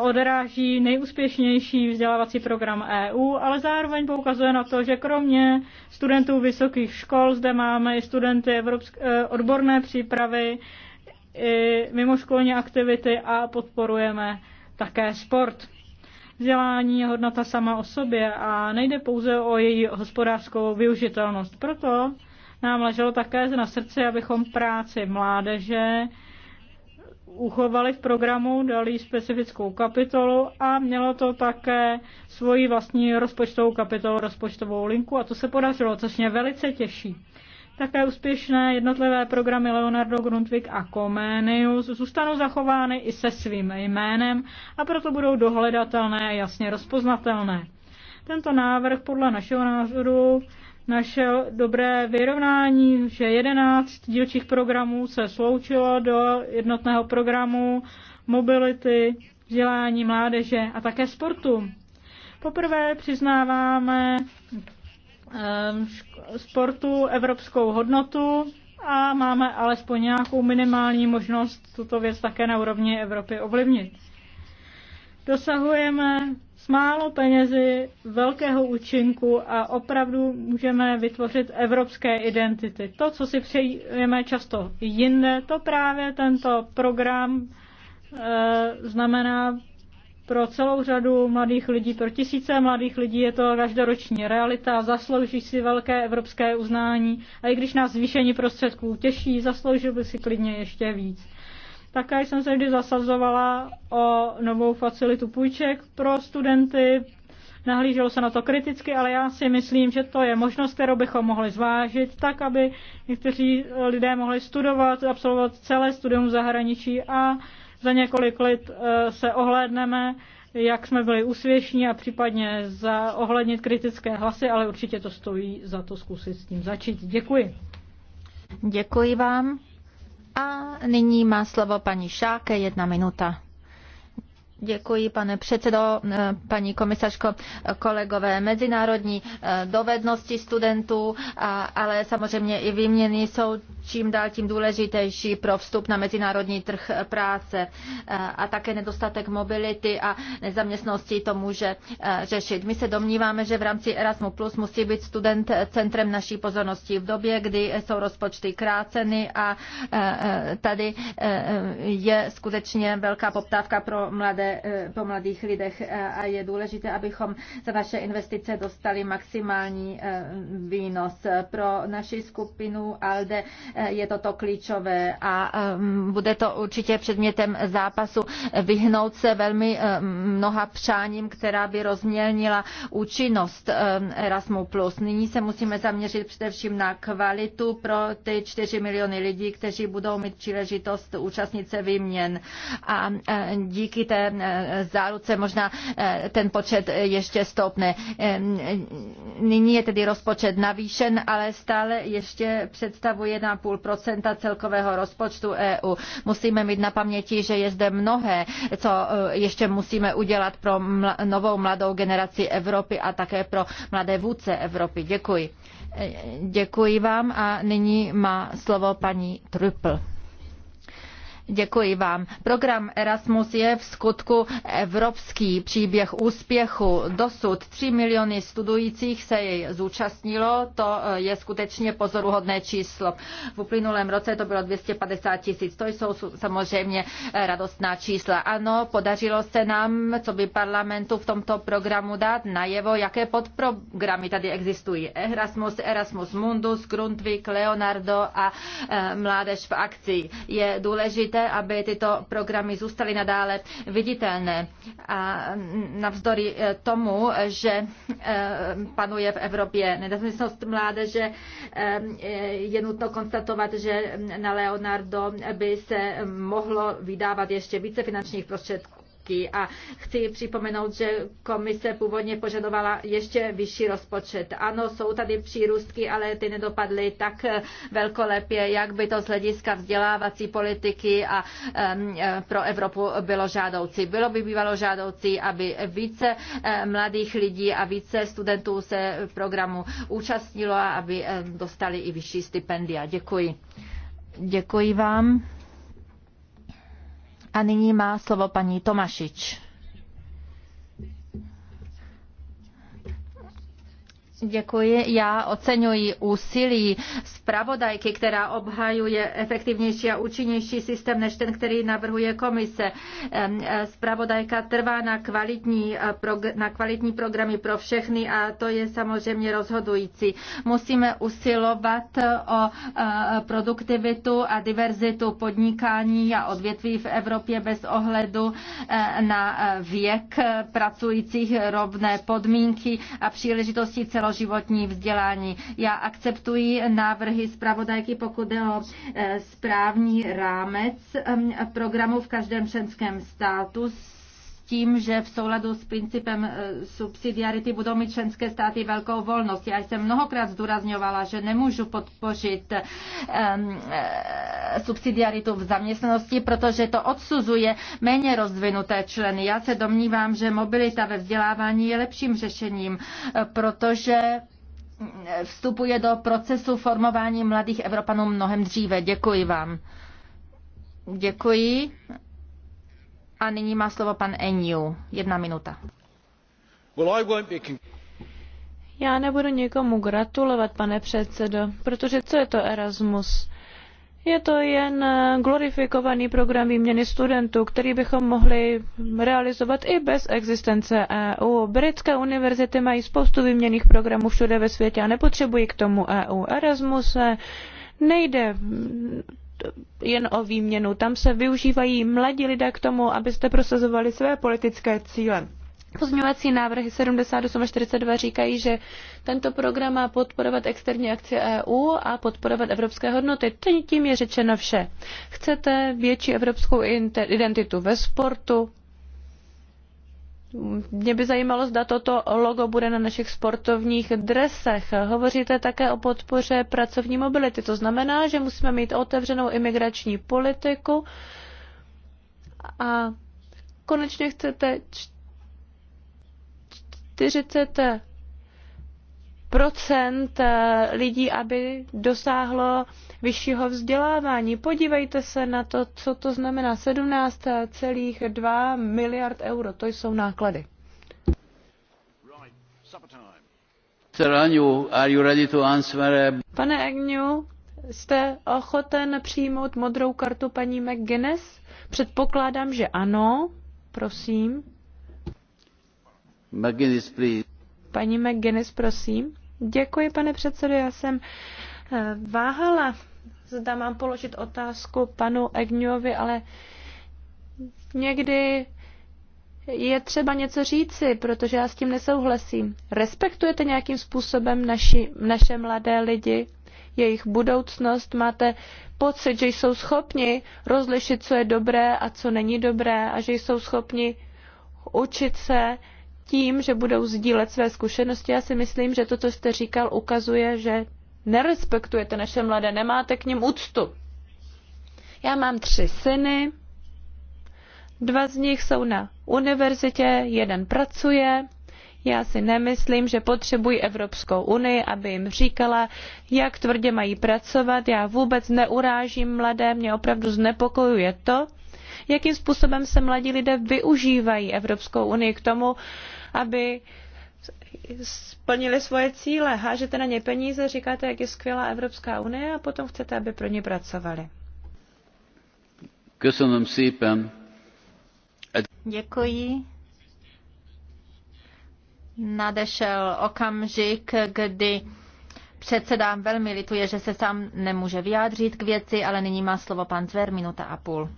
odráží nejúspěšnější vzdělávací program EU, ale zároveň poukazuje na to, že kromě studentů vysokých škol zde máme i studenty evropské, eh, odborné přípravy, i mimoškolní aktivity a podporujeme také sport. Vzdělání je hodnota sama o sobě a nejde pouze o její hospodářskou využitelnost. Proto nám leželo také na srdci, abychom práci mládeže uchovali v programu, dali specifickou kapitolu a mělo to také svoji vlastní rozpočtovou kapitolu, rozpočtovou linku a to se podařilo, což mě velice těší. Také úspěšné jednotlivé programy Leonardo Grundtvig a Comenius zůstanou zachovány i se svým jménem a proto budou dohledatelné a jasně rozpoznatelné. Tento návrh podle našeho názoru našel dobré vyrovnání, že 11 dílčích programů se sloučilo do jednotného programu mobility, vzdělání mládeže a také sportu. Poprvé přiznáváme Ehm, sportu evropskou hodnotu a máme alespoň nějakou minimální možnost tuto věc také na úrovni Evropy ovlivnit. Dosahujeme s málo penězi velkého účinku a opravdu můžeme vytvořit evropské identity. To, co si přejeme často jinde, to právě tento program e, znamená pro celou řadu mladých lidí, pro tisíce mladých lidí je to každoroční realita, zaslouží si velké evropské uznání a i když nás zvýšení prostředků těší, zasloužil by si klidně ještě víc. Také jsem se vždy zasazovala o novou facilitu půjček pro studenty, nahlíželo se na to kriticky, ale já si myslím, že to je možnost, kterou bychom mohli zvážit, tak aby někteří lidé mohli studovat, absolvovat celé studium v zahraničí a za několik let eh, se ohlédneme, jak jsme byli úspěšní a případně za ohlednit kritické hlasy, ale určitě to stojí za to zkusit s tím začít. Děkuji. Děkuji vám. A nyní má slovo paní Šáke, jedna minuta. Děkuji, pane předsedo, eh, paní komisařko, kolegové. Mezinárodní eh, dovednosti studentů, ale samozřejmě i výměny jsou čím dál tím důležitější pro vstup na mezinárodní trh práce eh, a také nedostatek mobility a nezaměstnosti to může eh, řešit. My se domníváme, že v rámci Erasmus Plus musí být student centrem naší pozornosti v době, kdy jsou rozpočty kráceny a eh, tady je skutečně velká poptávka pro mladé, po mladých lidech a je důležité, abychom za naše investice dostali maximální výnos. Pro naši skupinu ALDE je toto klíčové a um, bude to určitě předmětem zápasu vyhnout se velmi um, mnoha přáním, která by rozmělnila účinnost um, Erasmu+. Nyní se musíme zaměřit především na kvalitu pro ty 4 miliony lidí, kteří budou mít příležitost účastnit se výměn. A uh, díky té uh, záruce možná uh, ten počet ještě stoupne. Nyní je tedy rozpočet navýšen, ale stále ještě představuje na 2,5 celkového rozpočtu EU. Musíme mít na paměti, že je zde mnohé, co eh, ještě musíme udělat pro novou mladou generaci Evropy a také pro mladé vůdce Evropy. Děkuji. Eh, děkuji vám a nyní má slovo paní Trüppel. Děkuji vám. Program Erasmus je v skutku evropský příběh úspěchu. Dosud 3 miliony studujících se jej zúčastnilo, to eh, je skutečně pozoruhodné číslo. V uplynulém roce to bylo 250 tisíc, to jsou samozřejmě eh, radostná čísla. Ano, podařilo se nám, co by parlamentu v tomto programu dát najevo, jaké podprogramy tady existují. Erasmus, Erasmus Mundus, Grundtvig, Leonardo a eh, Mládež v akci. Je důležité, důležité, aby tyto programy zůstaly nadále viditelné. A navzdory eh, tomu, že eh, panuje v Evropě nezaměstnanost mládeže, eh, je nutno konstatovat, že na Leonardo by se mohlo vydávat ještě více finančních prostředků prostředky. A chci připomenout, že komise původně požadovala ještě vyšší rozpočet. Ano, jsou tady přírůstky, ale ty nedopadly tak velkolepě, jak by to z hlediska vzdělávací politiky a um, pro Evropu bylo žádoucí. Bylo by bývalo žádoucí, aby více mladých lidí a více studentů se v programu účastnilo a aby dostali i vyšší stipendia. Děkuji. Děkuji vám. A nyní má slovo paní Tomašič. Děkuji. Já oceňuji úsilí zpravodajky, která obhajuje efektivnější a účinnější systém než ten, který navrhuje komise. Zpravodajka trvá na kvalitní, eh, na kvalitní programy pro všechny a to je samozřejmě rozhodující. Musíme usilovat eh, o eh, produktivitu a diverzitu podnikání a odvětví v Evropě bez ohledu na věk pracujících rovné podmínky a příležitosti celo celoživotní vzdělání. Já akceptuji návrhy zpravodajky, pokud jde o e, správní rámec programu v každém členském státu s tím, že v souladu s principem eh, subsidiarity budou mít členské státy velkou volnost. Já jsem mnohokrát zdůrazňovala, že nemůžu podpořit um, subsidiaritu v zaměstnanosti, protože to odsuzuje méně rozvinuté členy. Já se domnívám, že mobilita ve vzdělávání je lepším řešením, eh, protože mm, vstupuje do procesu formování mladých Evropanů mnohem dříve. Děkuji vám. Děkuji. A nyní má slovo pan Enju. Jedna minuta. Já nebudu nikomu gratulovat, pane předsedo, protože co je to Erasmus? Je to jen eh, glorifikovaný program výměny studentů, který bychom mohli realizovat i bez existence EU. Britské univerzity mají spoustu výměných programů všude ve světě a nepotřebují k tomu EU. Erasmus eh, nejde jen o výměnu. Tam se využívají mladí lidé k tomu, abyste prosazovali své politické cíle. Pozměňovací návrhy 78 a 42 říkají, že tento program má podporovat externí akci EU a podporovat evropské hodnoty. Tím je řečeno vše. Chcete větší evropskou identitu ve sportu, mě by zajímalo, zda toto logo bude na našich sportovních dresech. Hovoříte také o podpoře pracovní mobility. To znamená, že musíme mít otevřenou imigrační politiku a konečně chcete 40 procent lidí, aby dosáhlo vyššího vzdělávání. Podívejte se na to, co to znamená 17,2 miliard euro. To jsou náklady. Uh, pane Agnew, jste ochoten přijmout modrou kartu paní McGuinness? Předpokládám, že ano. Prosím. McGuinness, please. Paní McGuinness, prosím. Děkuji, pane předsedo. Já jsem Eh, váhala, zda mám položit otázku panu Egňovi, ale někdy je třeba něco říci, protože já s tím nesouhlasím. Respektujete nějakým způsobem naši, naše mladé lidi, jejich budoucnost? Máte pocit, že jsou schopni rozlišit, co je dobré a co není dobré a že jsou schopni učit se tím, že budou sdílet své zkušenosti. Já si myslím, že to, co jste říkal, ukazuje, že nerespektujete naše mladé, nemáte k ním úctu. Já mám tři syny, dva z nich jsou na univerzitě, jeden pracuje. Já si nemyslím, že potřebují Evropskou unii, aby jim říkala, jak tvrdě mají pracovat. Já vůbec neurážím mladé, mě opravdu znepokojuje to, jakým způsobem se mladí lidé využívají Evropskou unii k tomu, aby splnili svoje cíle. Hážete na ně peníze, říkáte, jak je skvělá Evropská unie a potom chcete, aby pro ně pracovali. Děkuji. Nadešel okamžik, kdy předseda velmi lituje, že se sám nemůže vyjádřit k věci, ale nyní má slovo pan Zver, minuta a půl.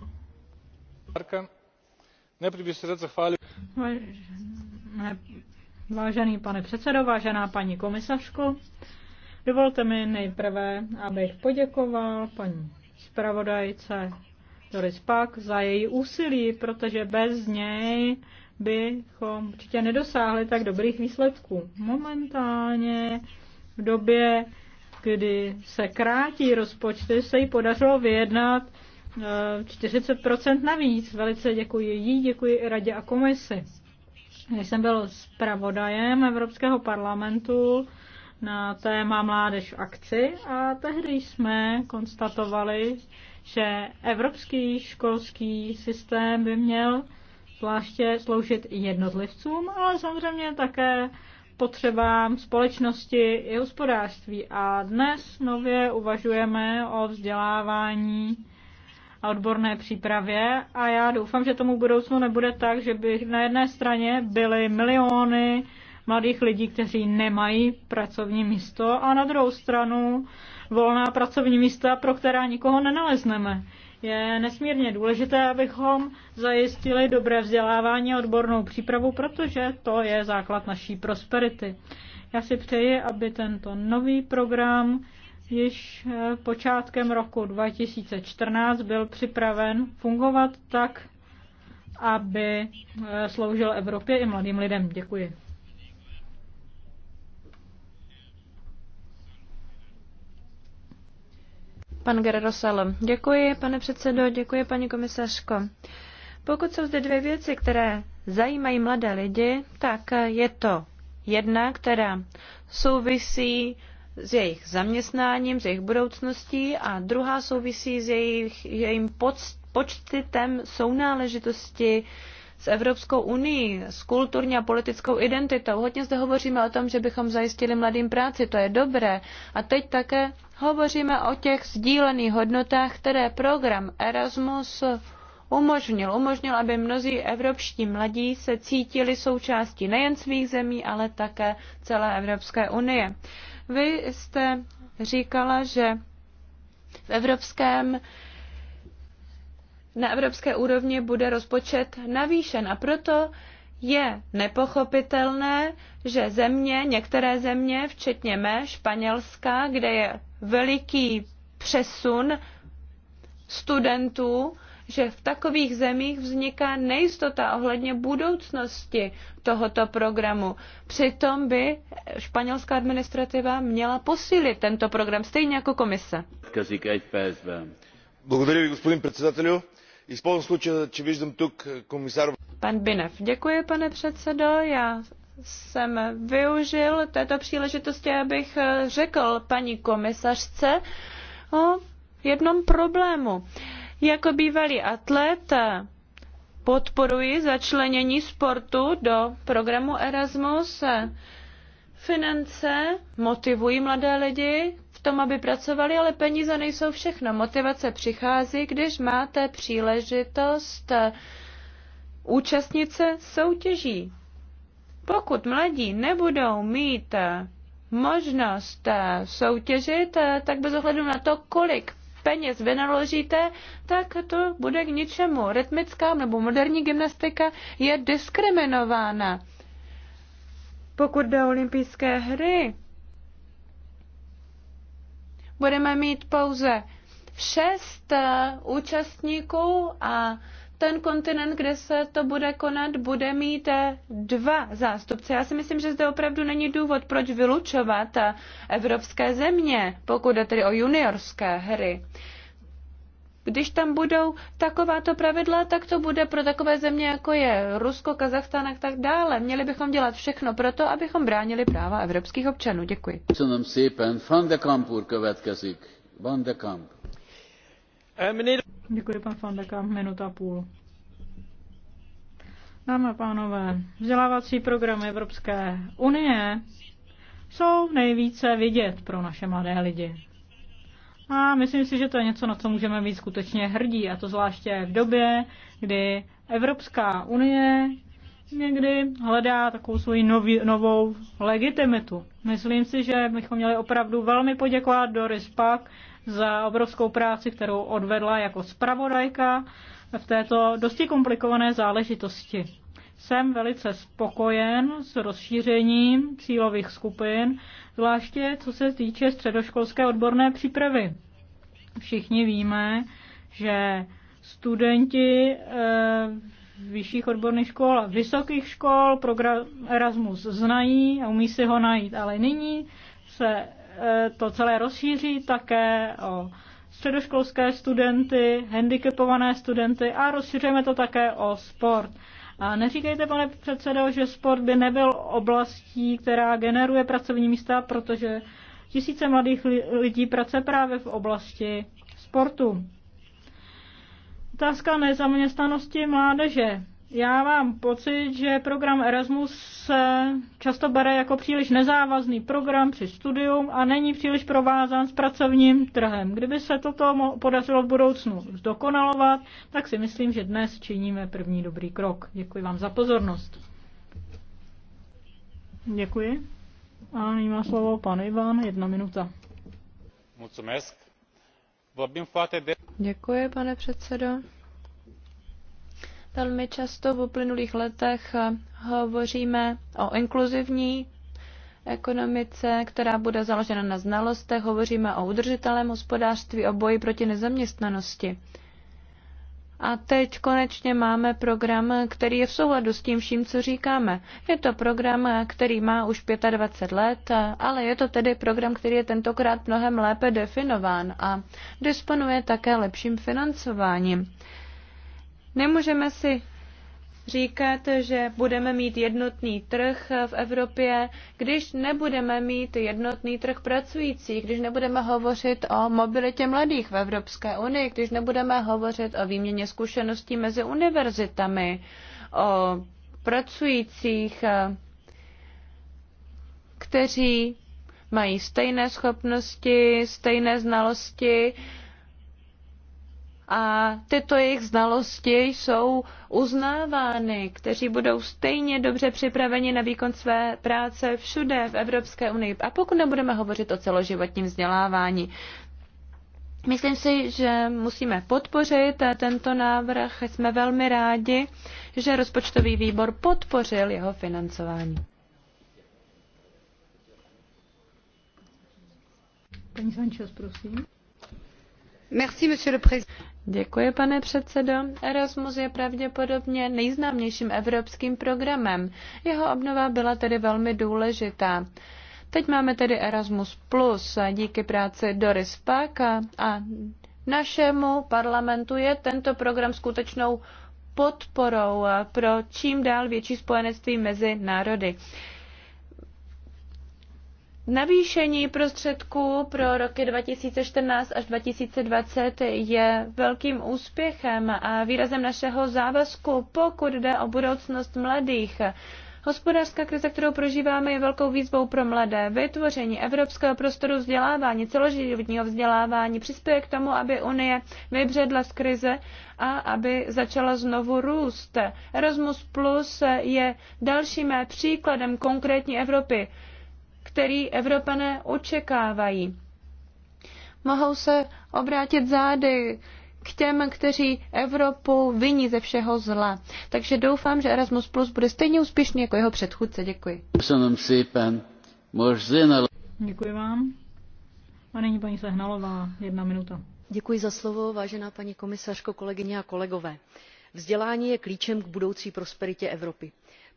Vážené Vážený pane předsedo, vážená paní komisařko, dovolte mi nejprve, abych poděkoval paní zpravodajce Doris Pak za její úsilí, protože bez něj bychom určitě nedosáhli tak dobrých výsledků. Momentálně v době, kdy se krátí rozpočty, se jí podařilo vyjednat 40% eh, navíc. Velice děkuji jí, děkuji i radě a komisi. Jsem byl zpravodajem Evropského parlamentu na téma Mládež v akci a tehdy jsme konstatovali, že evropský školský systém by měl zvláště sloužit jednotlivcům, ale samozřejmě také potřebám společnosti i hospodářství. A dnes nově uvažujeme o vzdělávání a odborné přípravě a já doufám, že tomu budoucnu nebude tak, že by na jedné straně byly miliony mladých lidí, kteří nemají pracovní místo a na druhou stranu volná pracovní místa, pro která nikoho nenalezneme. Je nesmírně důležité, abychom zajistili dobré vzdělávání a odbornou přípravu, protože to je základ naší prosperity. Já si přeji, aby tento nový program již eh, počátkem roku 2014 byl připraven fungovat tak, aby eh, sloužil Evropě i mladým lidem. Děkuji. Pan Guerrero Děkuji, pane předsedo, děkuji, paní komisařko. Pokud jsou zde dvě věci, které zajímají mladé lidi, tak je to jedna, která souvisí s jejich zaměstnáním, s jejich budoucností a druhá souvisí s jejich, jejím počtem sounáležitosti s Evropskou unii, s kulturní a politickou identitou. Hodně zde hovoříme o tom, že bychom zajistili mladým práci, to je dobré. A teď také hovoříme o těch sdílených hodnotách, které program Erasmus umožnil. Umožnil, aby mnozí evropští mladí se cítili součástí nejen svých zemí, ale také celé Evropské unie. Vy jste říkala, že v evropském na evropské úrovni bude rozpočet navýšen a proto je nepochopitelné, že země, některé země, včetně mé, Španělska, kde je veliký přesun studentů že v takových zemích vzniká nejistota ohledně budoucnosti tohoto programu. Přitom by španělská administrativa měla posílit tento program, stejně jako komise. Pan Binev, děkuji, pane předsedo. Já jsem využil této příležitosti, abych řekl paní komisařce o jednom problému. Uh, jako bývalý atlet podporuji začlenění sportu do programu Erasmus. Finance motivují mladé lidi v tom, aby pracovali, ale peníze nejsou všechno. Motivace přichází, když máte příležitost účastnit se soutěží. Pokud mladí nebudou mít možnost soutěžit, tak bez ohledu na to, kolik peněz vynaložíte, tak to bude k ničemu. Rytmická nebo moderní gymnastika je diskriminována. Pokud jde o olympijské hry, budeme mít pouze šest eh, účastníků a ten kontinent, kde se to bude konat, bude mít eh, dva zástupce. Já si myslím, že zde opravdu není důvod, proč vylučovat eh, evropské země, pokud jde tedy o juniorské hry. Když tam budou takováto pravidla, tak to bude pro takové země, jako je Rusko, Kazachstán a tak dále. Měli bychom dělat všechno pro to, abychom bránili práva evropských občanů. Děkuji. Van de Kamp. Děkuji, pan Fandeka. Minuta půl. Dámy a pánové, vzdělávací programy Evropské unie jsou nejvíce vidět pro naše mladé lidi. A myslím si, že to je něco, na co můžeme být skutečně hrdí, a to zvláště v době, kdy Evropská unie někdy hledá takovou svoji nový, novou legitimitu. Myslím si, že bychom měli opravdu velmi poděkovat Doris Pak za obrovskou práci, kterou odvedla jako zpravodajka v této dosti komplikované záležitosti. Jsem velice spokojen s rozšířením cílových skupin, zvláště co se týče středoškolské odborné přípravy. Všichni víme, že studenti eh, vyšších odborných škol a vysokých škol program Erasmus znají a umí si ho najít, ale nyní se to celé rozšíří také o středoškolské studenty, handicapované studenty a rozšiřujeme to také o sport. A neříkejte, pane předsedo, že sport by nebyl oblastí, která generuje pracovní místa, protože tisíce mladých lidí pracuje právě v oblasti sportu. Otázka nezaměstnanosti mládeže já mám pocit, že program Erasmus se často bere jako příliš nezávazný program při studium a není příliš provázán s pracovním trhem. Kdyby se toto podařilo v budoucnu zdokonalovat, tak si myslím, že dnes činíme první dobrý krok. Děkuji vám za pozornost. Děkuji. A nyní má slovo pan Ivan, jedna minuta. Děkuji, pane předsedo. Velmi často v uplynulých letech eh, hovoříme o inkluzivní ekonomice, která bude založena na znalostech, hovoříme o udržitelném hospodářství, o boji proti nezaměstnanosti. A teď konečně máme program, který je v souladu s tím vším, co říkáme. Je to program, který má už 25 let, ale je to tedy program, který je tentokrát mnohem lépe definován a disponuje také lepším financováním. Nemůžeme si říkat, že budeme mít jednotný trh v Evropě, když nebudeme mít jednotný trh pracujících, když nebudeme hovořit o mobilitě mladých v Evropské unii, když nebudeme hovořit o výměně zkušeností mezi univerzitami, o pracujících, eh, kteří mají stejné schopnosti, stejné znalosti, a tyto jejich znalosti jsou uznávány, kteří budou stejně dobře připraveni na výkon své práce všude v Evropské unii. A pokud nebudeme hovořit o celoživotním vzdělávání, Myslím si, že musíme podpořit tento návrh. Jsme velmi rádi, že rozpočtový výbor podpořil jeho financování. Paní Sančos, prosím. Merci, monsieur le président. Děkuji, pane předsedo. Erasmus je pravděpodobně nejznámějším evropským programem. Jeho obnova byla tedy velmi důležitá. Teď máme tedy Erasmus Plus díky práci Doris Pak a, a našemu parlamentu je tento program skutečnou podporou pro čím dál větší spojenectví mezi národy. Navýšení prostředků pro roky 2014 až 2020 je velkým úspěchem a výrazem našeho závazku, pokud jde o budoucnost mladých. Hospodářská krize, kterou prožíváme, je velkou výzvou pro mladé. Vytvoření evropského prostoru vzdělávání, celoživotního vzdělávání přispěje k tomu, aby Unie vybředla z krize a aby začala znovu růst. Erasmus Plus je dalším příkladem konkrétní Evropy který Evropané očekávají. Mohou se obrátit zády k těm, kteří Evropu viní ze všeho zla. Takže doufám, že Erasmus Plus bude stejně úspěšný jako jeho předchůdce. Děkuji. Děkuji vám. A nyní paní Sehnalová, jedna minuta. Děkuji za slovo, vážená paní komisařko, kolegyně a kolegové. Vzdělání je klíčem k budoucí prosperitě Evropy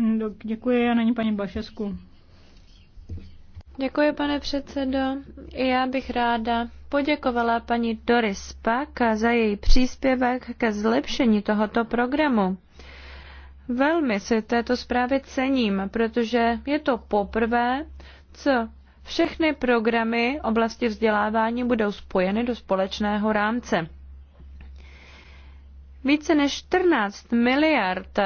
Hm, děkuji a není paní Bašesku. Děkuji, pane předsedo. Já bych ráda poděkovala paní Doris Pak za její příspěvek ke zlepšení tohoto programu. Velmi si této zprávy cením, protože je to poprvé, co všechny programy oblasti vzdělávání budou spojeny do společného rámce. Více než 14 miliard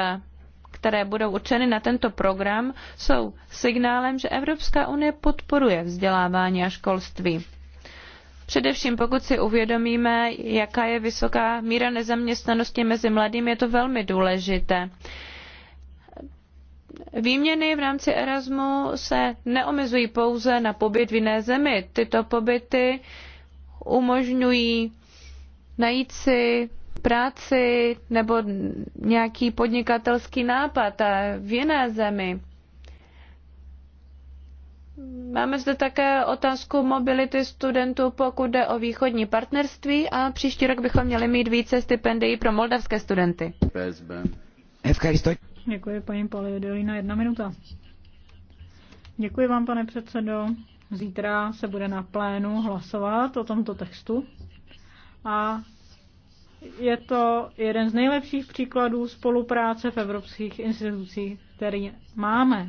které budou určeny na tento program, jsou signálem, že Evropská unie podporuje vzdělávání a školství. Především pokud si uvědomíme, jaká je vysoká míra nezaměstnanosti mezi mladými, je to velmi důležité. Výměny v rámci Erasmu se neomezují pouze na pobyt v jiné zemi. Tyto pobyty umožňují najít si práci nebo nějaký podnikatelský nápad v jiné zemi. Máme zde také otázku mobility studentů, pokud jde o východní partnerství a příští rok bychom měli mít více stipendií pro moldavské studenty. Děkuji, paní Paliodolina. Jedna minuta. Děkuji vám, pane předsedo. Zítra se bude na plénu hlasovat o tomto textu a je to jeden z nejlepších příkladů spolupráce v evropských institucích, který máme.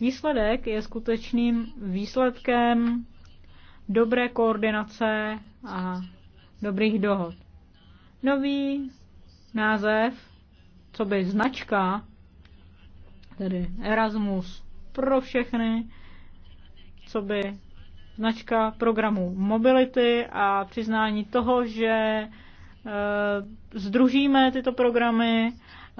Výsledek je skutečným výsledkem dobré koordinace a dobrých dohod. Nový název, co by značka, tedy Erasmus pro všechny, co by značka programu mobility a přiznání toho, že Eh, združíme tyto programy,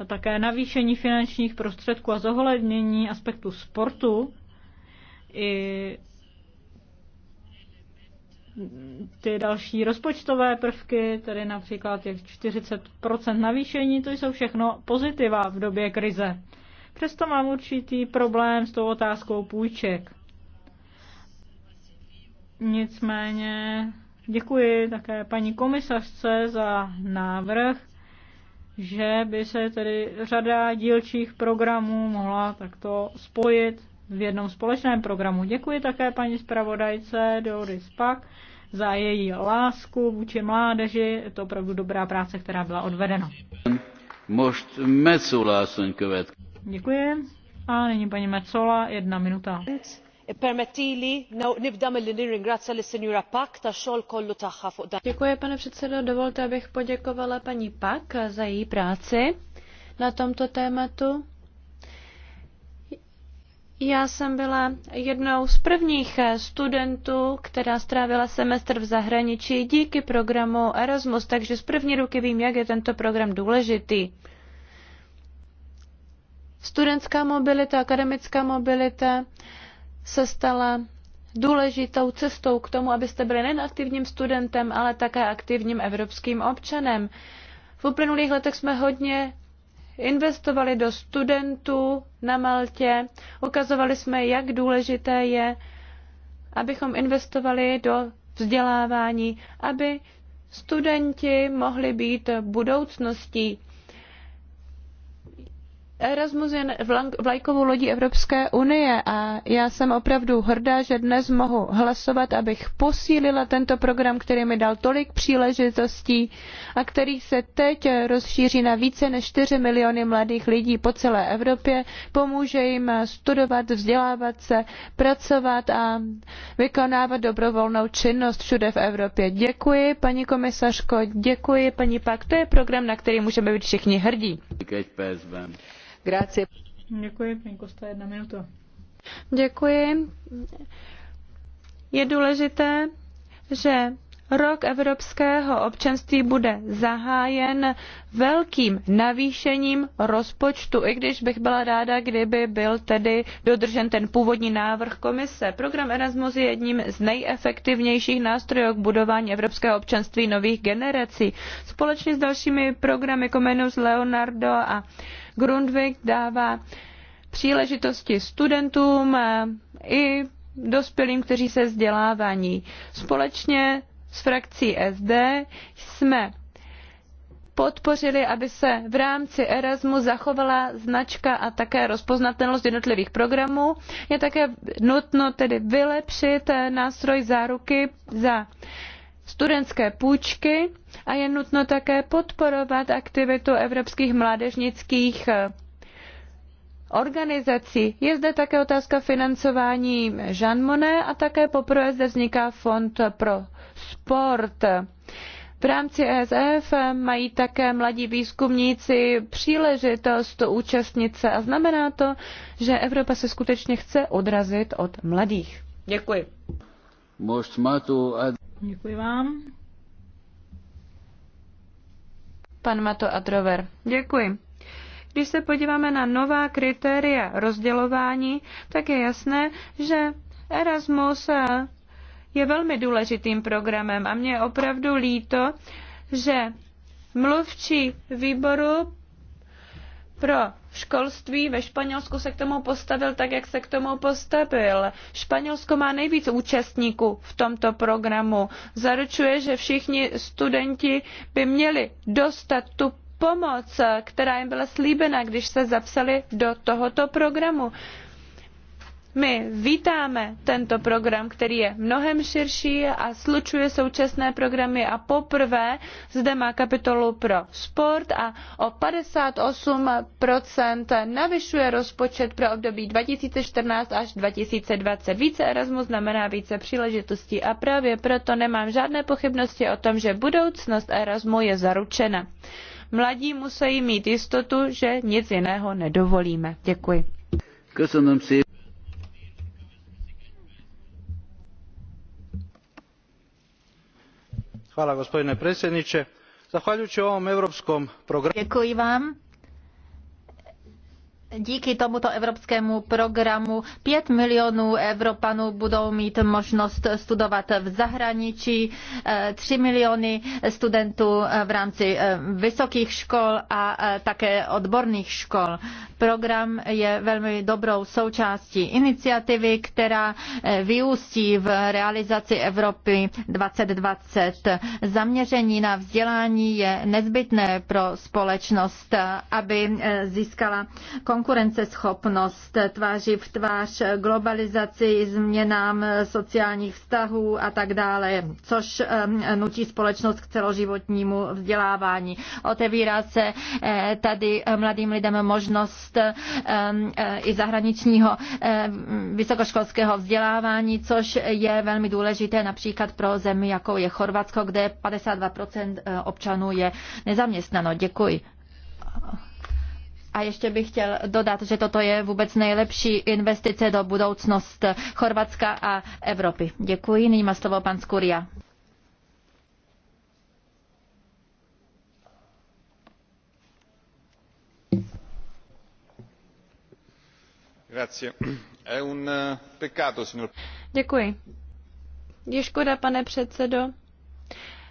také navýšení finančních prostředků a zohlednění aspektu sportu i ty další rozpočtové prvky, tedy například těch 40% navýšení, to jsou všechno pozitiva v době krize. Přesto mám určitý problém s tou otázkou půjček. Nicméně Děkuji také paní komisařce za návrh, že by se tedy řada dílčích programů mohla takto spojit v jednom společném programu. Děkuji také paní zpravodajce Doris Pak za její lásku vůči mládeži. Je to opravdu dobrá práce, která byla odvedena. Děkuji. A nyní paní Mecola, jedna minuta. No- Děkuji, pane předsedo. Dovolte, abych poděkovala paní Pak za její práci na tomto tématu. Já jsem byla jednou z prvních studentů, která strávila semestr v zahraničí díky programu Erasmus, takže z první ruky vím, jak je tento program důležitý. Studentská mobilita, akademická mobilita, se stala důležitou cestou k tomu, abyste byli nejen aktivním studentem, ale také aktivním evropským občanem. V uplynulých letech jsme hodně investovali do studentů na Maltě, ukazovali jsme, jak důležité je, abychom investovali do vzdělávání, aby studenti mohli být budoucností Erasmus je vlajkovou lodí Evropské unie a já jsem opravdu hrdá, že dnes mohu hlasovat, abych posílila tento program, který mi dal tolik příležitostí a který se teď rozšíří na více než 4 miliony mladých lidí po celé Evropě. Pomůže jim studovat, vzdělávat se, pracovat a vykonávat dobrovolnou činnost všude v Evropě. Děkuji, paní komisařko, děkuji, paní Pak. To je program, na který můžeme být všichni hrdí. Grazie. Děkuji, paní Kosta, jedna minuta. Děkuji. Je důležité, že Rok evropského občanství bude zahájen velkým navýšením rozpočtu, i když bych byla ráda, kdyby byl tedy dodržen ten původní návrh komise. Program Erasmus je jedním z nejefektivnějších nástrojů k budování evropského občanství nových generací. Společně s dalšími programy Comenus, jako Leonardo a Grundvik dává příležitosti studentům i dospělým, kteří se vzdělávání. Společně s frakcí SD jsme podpořili, aby se v rámci Erasmu zachovala značka a také rozpoznatelnost jednotlivých programů. Je také nutno tedy vylepšit eh, nástroj záruky za studentské půjčky a je nutno také podporovat aktivitu evropských mládežnických eh, organizací. Je zde také otázka financování Jean Monnet a také poprvé zde vzniká fond pro sport. V rámci ESF mají také mladí výzkumníci příležitost účastnit se a znamená to, že Evropa se skutečně chce odrazit od mladých. Děkuji. Děkuji vám. Pan Mato Adrover. Děkuji. Když se podíváme na nová kritéria rozdělování, tak je jasné, že Erasmus je velmi důležitým programem a mě je opravdu líto, že mluvčí výboru pro školství ve Španělsku se k tomu postavil tak, jak se k tomu postavil. Španělsko má nejvíc účastníků v tomto programu. Zaručuje, že všichni studenti by měli dostat tu pomoc, která jim byla slíbena, když se zapsali do tohoto programu. My vítáme tento program, který je mnohem širší a slučuje současné programy a poprvé zde má kapitolu pro sport a o 58% navyšuje rozpočet pro období 2014 až 2020. Více Erasmus znamená více příležitostí a právě proto nemám žádné pochybnosti o tom, že budoucnost Erasmu je zaručena. Mladí musí mít jistotu, že nic jiného nedovolíme. Děkuji. gospodine predsjednie zahvaljujui ovom europskom programu díky tomuto evropskému programu 5 milionů Evropanů budou mít možnost studovat v zahraničí, 3 eh, miliony studentů eh, v rámci eh, vysokých škol a také odborných škol. Program je velmi dobrou součástí iniciativy, která vyústí v realizaci Evropy 2020. Zaměření na vzdělání je nezbytné pro společnost, aby získala konkurenceschopnost tváří v tvář globalizaci, změnám sociálních vztahů a tak dále, což nutí společnost k celoživotnímu vzdělávání. Otevírá se eh, tady eh, mladým lidem možnost eh, i zahraničního vysokoškolského vzdělávání, což je velmi důležité například pro zemi, jako je Chorvatsko, kde 52% občanů je nezaměstnáno. Děkuji. A ještě bych chtěl dodat, že toto je vůbec nejlepší investice do budoucnost Chorvatska a Evropy. Děkuji. Nyní má slovo pan Skuria. Eh, Děkuji. je škoda pane předsedo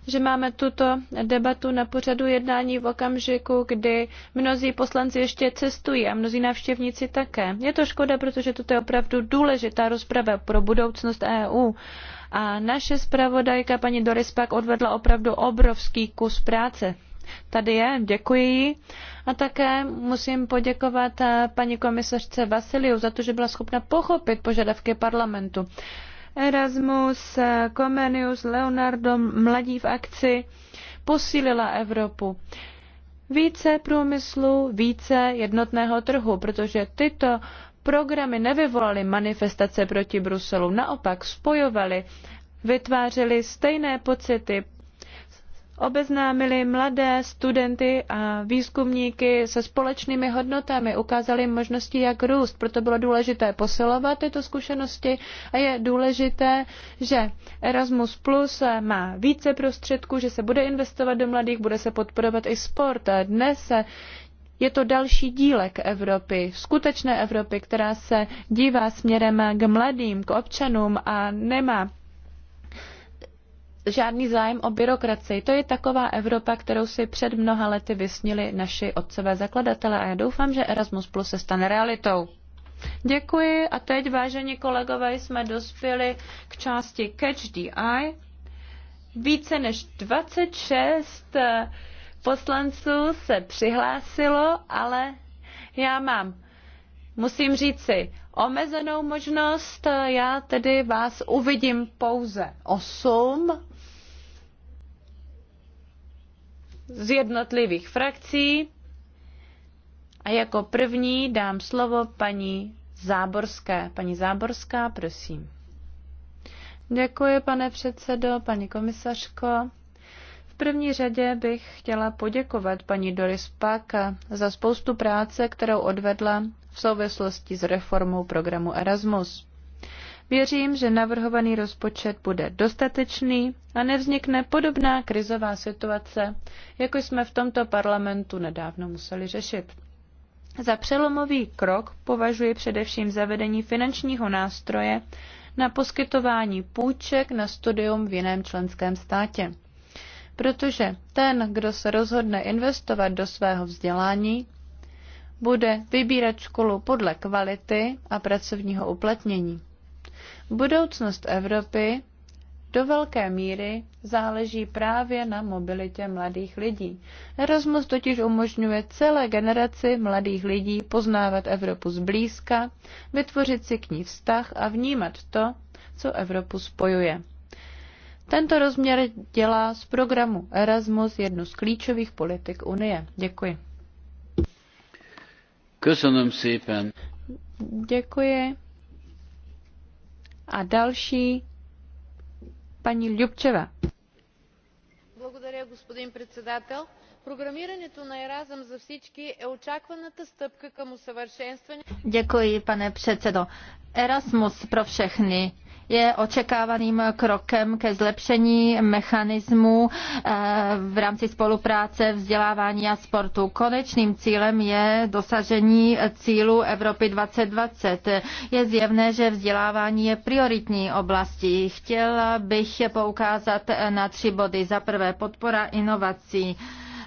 že máme tuto debatu na pořadu jednání v okamžiku, kdy mnozí poslanci ještě cestují a mnozí návštěvníci také. Je to škoda, protože toto je opravdu důležitá rozprava pro budoucnost EU. A naše zpravodajka paní Doris pak odvedla opravdu obrovský kus práce. Tady je, děkuji jí. A také musím poděkovat eh, paní komisařce Vasiliu za to, že byla schopna pochopit požadavky parlamentu. Erasmus, Comenius, Leonardo, Mladí v akci posílila Evropu. Více průmyslu, více jednotného trhu, protože tyto programy nevyvolaly manifestace proti Bruselu, naopak spojovaly, vytvářely stejné pocity obeznámili mladé studenty a výzkumníky se společnými hodnotami, ukázali jim možnosti, jak růst. Proto bylo důležité posilovat tyto zkušenosti a je důležité, že Erasmus Plus má více prostředků, že se bude investovat do mladých, bude se podporovat i sport. Dnes je to další dílek Evropy, skutečné Evropy, která se dívá směrem k mladým, k občanům a nemá žádný zájem o byrokracii. To je taková Evropa, kterou si před mnoha lety vysnili naši otcové zakladatele a já doufám, že Erasmus Plus se stane realitou. Děkuji a teď, vážení kolegové, jsme dospěli k části Catch the Eye. Více než 26 eh, poslanců se přihlásilo, ale já mám, musím říci, omezenou možnost. Já tedy vás uvidím pouze 8 z jednotlivých frakcí. A jako první dám slovo paní Záborské. Paní Záborská, prosím. Děkuji, pane předsedo, paní komisařko. V první řadě bych chtěla poděkovat paní Doris Pak za spoustu práce, kterou odvedla v souvislosti s reformou programu Erasmus. Věřím, že navrhovaný rozpočet bude dostatečný a nevznikne podobná krizová situace, jako jsme v tomto parlamentu nedávno museli řešit. Za přelomový krok považuji především zavedení finančního nástroje na poskytování půjček na studium v jiném členském státě. Protože ten, kdo se rozhodne investovat do svého vzdělání, bude vybírat školu podle kvality a pracovního uplatnění. Budoucnost Evropy do velké míry záleží právě na mobilitě mladých lidí. Erasmus totiž umožňuje celé generaci mladých lidí poznávat Evropu zblízka, vytvořit si k ní vztah a vnímat to, co Evropu spojuje. Tento rozměr dělá z programu Erasmus jednu z klíčových politik Unie. Děkuji. Děkuji. A další paní Ljubčeva. Благодаря, господин председател. Програмирането на Еразъм за всички е очакваната стъпка към усъвършенстване. Děkuji, pane předsedo. Erasmus pro všechny je očekávaným krokem ke zlepšení mechanismu eh, v rámci spolupráce vzdělávání a sportu. Konečným cílem je dosažení cílu Evropy 2020. Je zjevné, že vzdělávání je prioritní oblastí. Chtěla bych poukázat na tři body. Za prvé podpora inovací.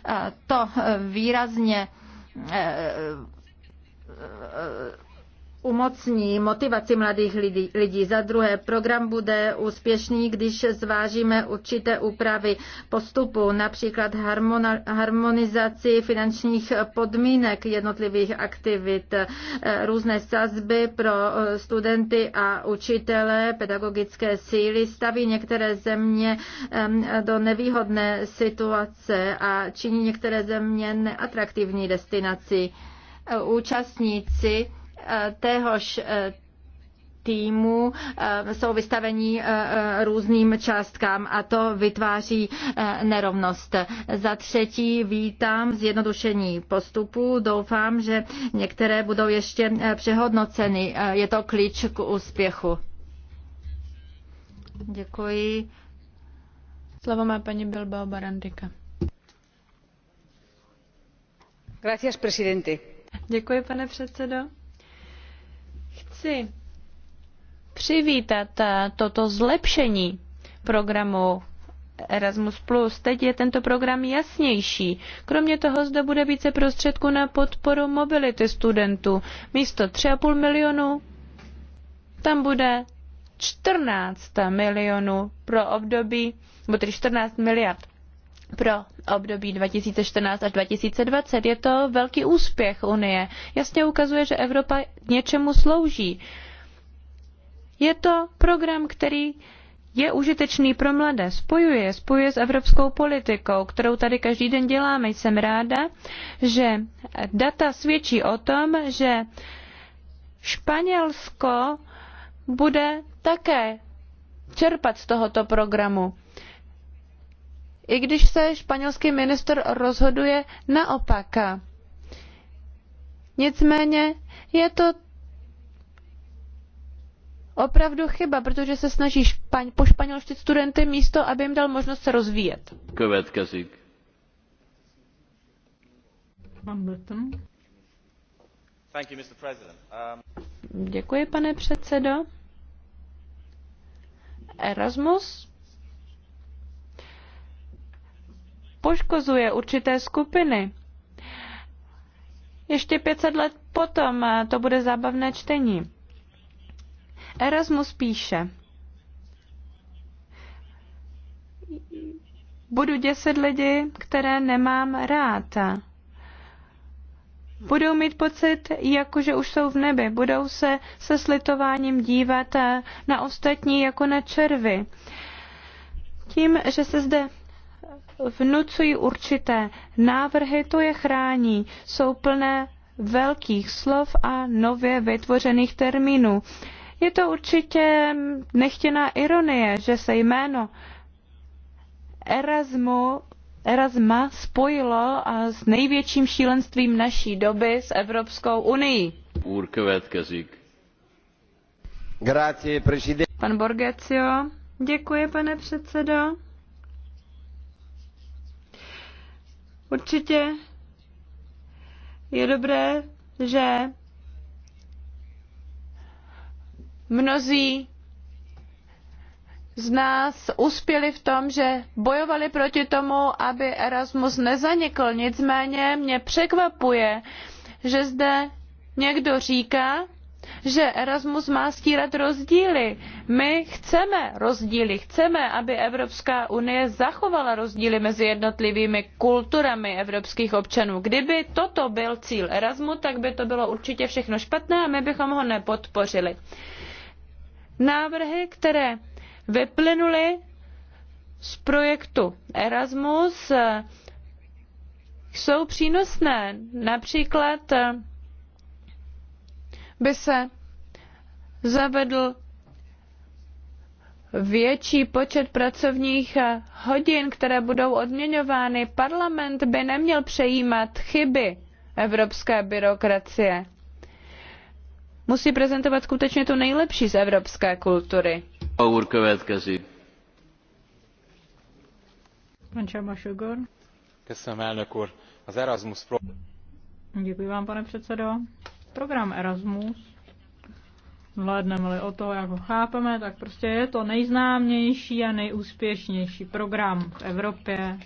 Eh, to výrazně eh, umocní motivaci mladých lidí. lidí. Za druhé, program bude úspěšný, když zvážíme určité úpravy postupu, například harmonizaci finančních podmínek jednotlivých aktivit, eh, různé sazby pro eh, studenty a učitele, pedagogické síly, staví některé země do nevýhodné situace a činí některé země neatraktivní destinaci. Eh, účastníci téhož eh, týmu eh, jsou vystaveni eh, různým částkám a to vytváří nerovnost. Za třetí vítám zjednodušení postupu. Doufám, že některé budou ještě přehodnoceny. Je to klíč k úspěchu. Děkuji. Slovo má paní Bilbao Barandika. Gracias, presidente. Děkuji, pane předsedo chci přivítat eh, toto zlepšení programu Erasmus+. Teď je tento program jasnější. Kromě toho zde bude více prostředků na podporu mobility studentů. Místo 3,5 milionu tam bude 14 milionů pro období, nebo 14 miliard pro období 2014 až 2020. Je to velký úspěch Unie. Jasně ukazuje, že Evropa něčemu slouží. Je to program, který je užitečný pro mladé, spojuje, spojuje s evropskou politikou, kterou tady každý den děláme. Jsem ráda, že data svědčí o tom, že Španělsko bude také čerpat z tohoto programu i když se španělský minister rozhoduje naopak. Nicméně je to opravdu chyba, protože se snaží špaň, pošpanělštit studenty místo, aby jim dal možnost se rozvíjet. Következik. Um, Děkuji, pane předsedo. Erasmus poškozuje určité skupiny. Ještě 500 let potom eh, to bude zábavné čtení. Erasmus píše, budu děsit lidi, které nemám rád. Budou mít pocit, jako že už jsou v nebi. Budou se se slitováním dívat eh, na ostatní jako na červy. Tím, že se zde vnucují určité návrhy, to je chrání. Jsou plné velkých slov a nově vytvořených termínů. Je to určitě nechtěná ironie, že se jméno Erasmu, Erasma spojilo a s největším šílenstvím naší doby s Evropskou unii. Pan Borgecio, děkuji, pane předsedo. Určitě je dobré, že mnozí z nás uspěli v tom, že bojovali proti tomu, aby Erasmus nezanikl. Nicméně mě překvapuje, že zde někdo říká, že Erasmus má stírat rozdíly. My chceme rozdíly, chceme, aby Evropská unie zachovala rozdíly mezi jednotlivými kulturami evropských občanů. Kdyby toto byl cíl Erasmu, tak by to bylo určitě všechno špatné a my bychom ho nepodpořili. Návrhy, které vyplynuly z projektu Erasmus, jsou přínosné. Například by se zavedl větší počet pracovních eh, hodin, které budou odměňovány. Parlament by neměl přejímat chyby evropské byrokracie. Musí prezentovat skutečně tu nejlepší z evropské kultury. Děkuji vám, pane předsedo. Program Erasmus, hledneme-li o to, jak ho chápeme, tak prostě je to nejznámější a nejúspěšnější program v Evropě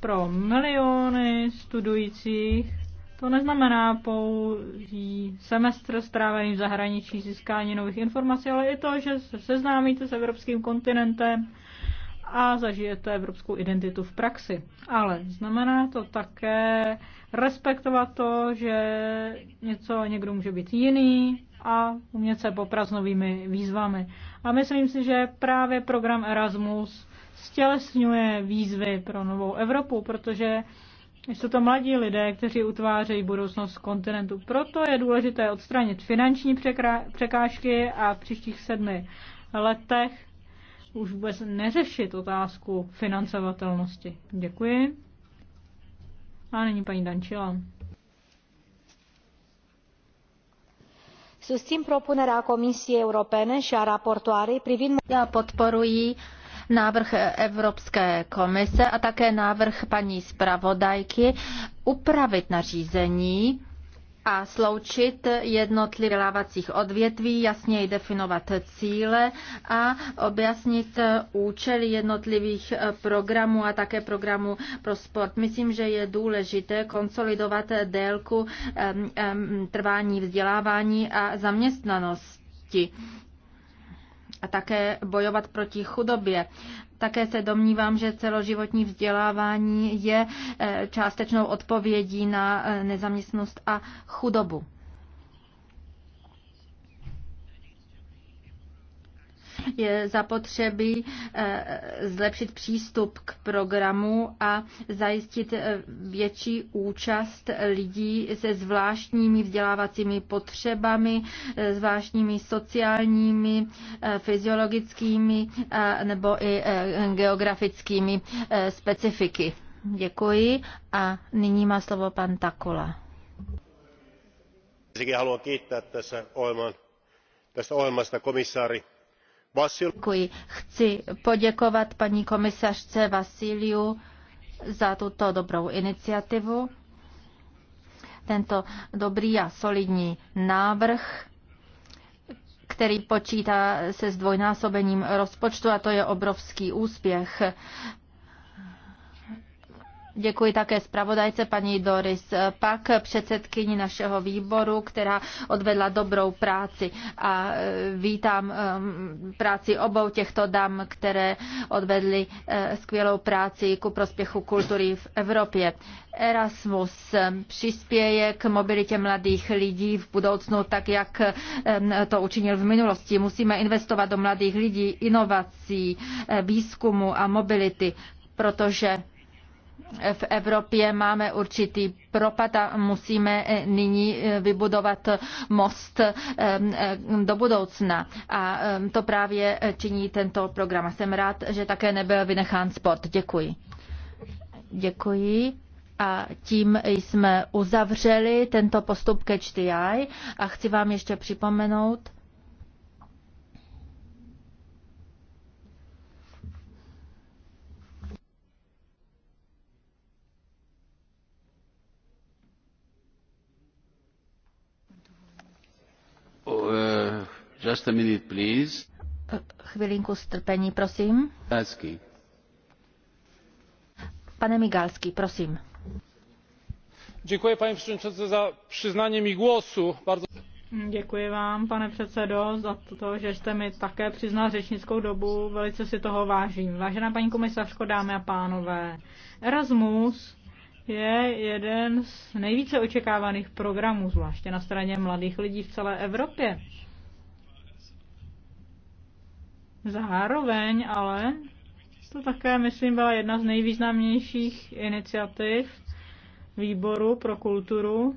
pro miliony studujících. To neznamená pouhý semestr strávený v zahraničí, získání nových informací, ale i to, že se seznámíte s evropským kontinentem, a zažijete evropskou identitu v praxi. Ale znamená to také respektovat to, že něco někdo může být jiný a umět se poprat s novými výzvami. A myslím si, že právě program Erasmus stělesňuje výzvy pro novou Evropu, protože jsou to mladí lidé, kteří utvářejí budoucnost kontinentu. Proto je důležité odstranit finanční překážky a v příštích sedmi letech už vůbec neřešit otázku financovatelnosti. Děkuji. A není paní Dančila. Susțin propunerea Comisiei Europene și a raportoarei privind... Já podporuji návrh Evropské komise a také návrh paní zpravodajky upravit nařízení a sloučit jednotlivé vzdělávacích odvětví, jasněji definovat cíle a objasnit účely jednotlivých programů a také programů pro sport. Myslím, že je důležité konsolidovat délku trvání vzdělávání a zaměstnanosti a také bojovat proti chudobě. Také se domnívám, že celoživotní vzdělávání je eh, částečnou odpovědí na eh, nezaměstnost a chudobu. Je zapotřebí eh, zlepšit přístup k programu a zajistit eh, větší účast lidí se zvláštními vzdělávacími potřebami, eh, zvláštními sociálními, fyziologickými nebo i geografickými specifiky. Děkuji a nyní má slovo pan Takola. Haluan kiittää tässä ohjelman, tästä ohjelmasta komissaari Děkuji. Chci poděkovat paní komisařce Vasiliu za tuto dobrou iniciativu, tento dobrý a solidní návrh, který počítá se zdvojnásobením rozpočtu a to je obrovský úspěch. Děkuji také zpravodajce paní Doris Pak, předsedkyni našeho výboru, která odvedla dobrou práci a e, vítám e, práci obou těchto dam, které odvedly e, skvělou práci ku prospěchu kultury v Evropě. Erasmus přispěje k mobilitě mladých lidí v budoucnu, tak jak to učinil v minulosti. Musíme investovat do mladých lidí, inovací, výzkumu a mobility, protože v Evropě máme určitý propad a musíme eh, nyní eh, vybudovat eh, most do budoucna. A to právě činí tento program. A jsem rád, že také nebyl vynechán sport. Děkuji. Děkuji. A tím jsme uzavřeli tento postup ke HDI a chci vám ještě připomenout, Just a minute, please. Chvilinku strpení, prosím. Migalsky. Pane prosím. Děkuji, paní předsedající, za přiznání mi głosu. Bardzo... Děkuji vám, pane předsedo, za to, že jste mi také přiznal řečnickou dobu. Velice si toho vážím. Vážená paní komisařko, dámy a pánové, Erasmus je jeden z nejvíce očekávaných programů, zvláště na straně mladých lidí v celé Evropě. Zároveň ale to také, myslím, byla jedna z nejvýznamnějších iniciativ výboru pro kulturu,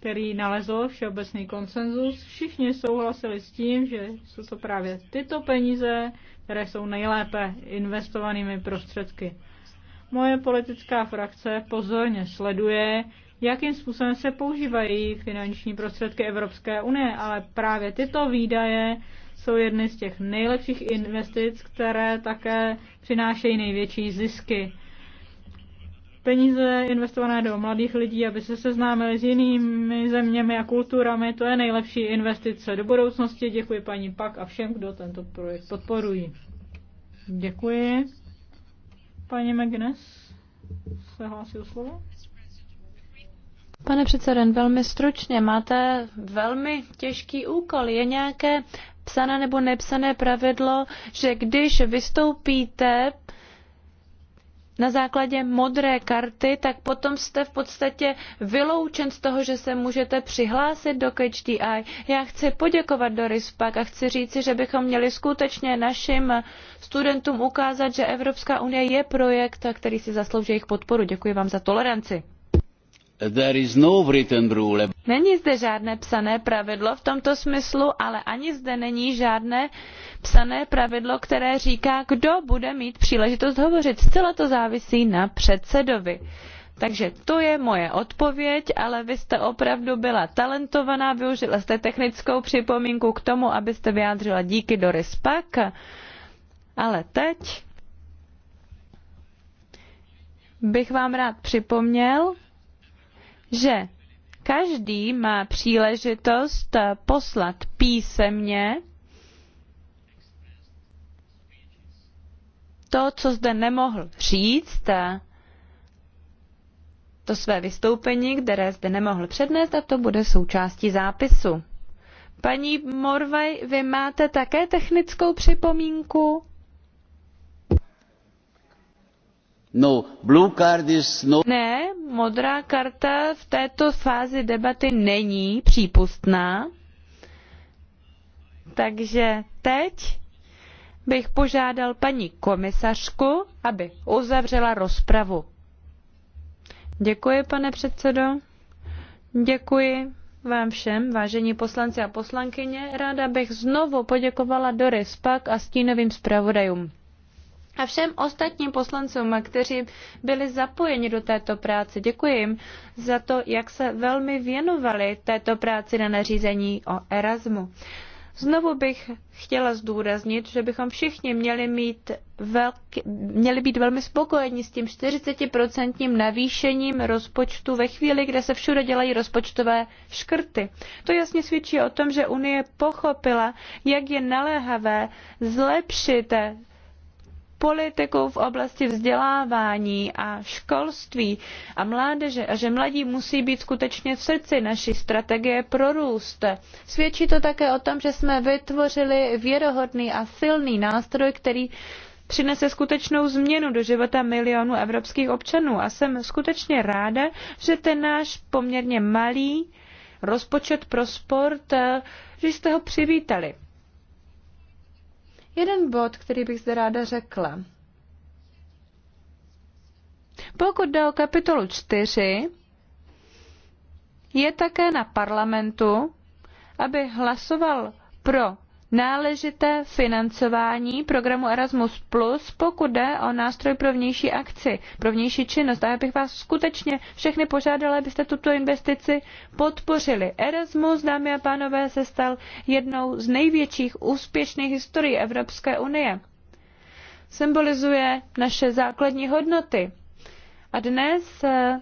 který nalezl všeobecný konsenzus. Všichni souhlasili s tím, že jsou to právě tyto peníze, které jsou nejlépe investovanými prostředky. Moje politická frakce pozorně sleduje, jakým způsobem se používají finanční prostředky Evropské unie, ale právě tyto výdaje jsou jedny z těch nejlepších investic, které také přinášejí největší zisky. Peníze investované do mladých lidí, aby se seznámili s jinými zeměmi a kulturami, to je nejlepší investice do budoucnosti. Děkuji paní Pak a všem, kdo tento projekt podporují. Děkuji. Paní Magnes. se hlásí o slovo. Pane předseden, velmi stručně, máte velmi těžký úkol. Je nějaké psané nebo nepsané pravidlo, že když vystoupíte na základě modré karty, tak potom jste v podstatě vyloučen z toho, že se můžete přihlásit do Catch the Eye. Já chci poděkovat Doris Pak a chci říci, že bychom měli skutečně našim studentům ukázat, že Evropská unie je projekt, který si zaslouží jejich podporu. Děkuji vám za toleranci. No není zde žádné psané pravidlo v tomto smyslu, ale ani zde není žádné psané pravidlo, které říká, kdo bude mít příležitost hovořit. Zcela to závisí na předsedovi. Takže to je moje odpověď, ale vy jste opravdu byla talentovaná, využila jste technickou připomínku k tomu, abyste vyjádřila díky Doris Pak. Ale teď bych vám rád připomněl, že každý má příležitost poslat písemně to, co zde nemohl říct, to své vystoupení, které zde nemohl přednést a to bude součástí zápisu. Paní Morvaj, vy máte také technickou připomínku? No, blue card is no... Ne, modrá karta v této fázi debaty není přípustná. Takže teď bych požádal paní komisařku, aby uzavřela rozpravu. Děkuji, pane předsedo. Děkuji vám všem, vážení poslanci a poslankyně. Ráda bych znovu poděkovala Doris Pak a stínovým zpravodajům a všem ostatním poslancům, kteří byli zapojeni do této práce. Děkuji jim za to, jak se velmi věnovali této práci na nařízení o Erasmu. Znovu bych chtěla zdůraznit, že bychom všichni měli, mít velký, měli být velmi spokojeni s tím 40% navýšením rozpočtu ve chvíli, kde se všude dělají rozpočtové škrty. To jasně svědčí o tom, že Unie pochopila, jak je naléhavé zlepšit politiku v oblasti vzdělávání a školství a mládeže a že mladí musí být skutečně v srdci naší strategie pro růst. Svědčí to také o tom, že jsme vytvořili věrohodný a silný nástroj, který přinese skutečnou změnu do života milionů evropských občanů a jsem skutečně ráda, že ten náš poměrně malý rozpočet pro sport, eh, že jste ho přivítali. Jeden bod, který bych zde ráda řekla. Pokud jde o kapitolu 4, je také na parlamentu, aby hlasoval pro náležité financování programu Erasmus+, pokud jde o nástroj pro vnější akci, pro vnější činnost. A já bych vás skutečně všechny požádala, abyste tuto investici podpořili. Erasmus, dámy a pánové, se stal jednou z největších úspěšných historií Evropské unie. Symbolizuje naše základní hodnoty. A dnes eh,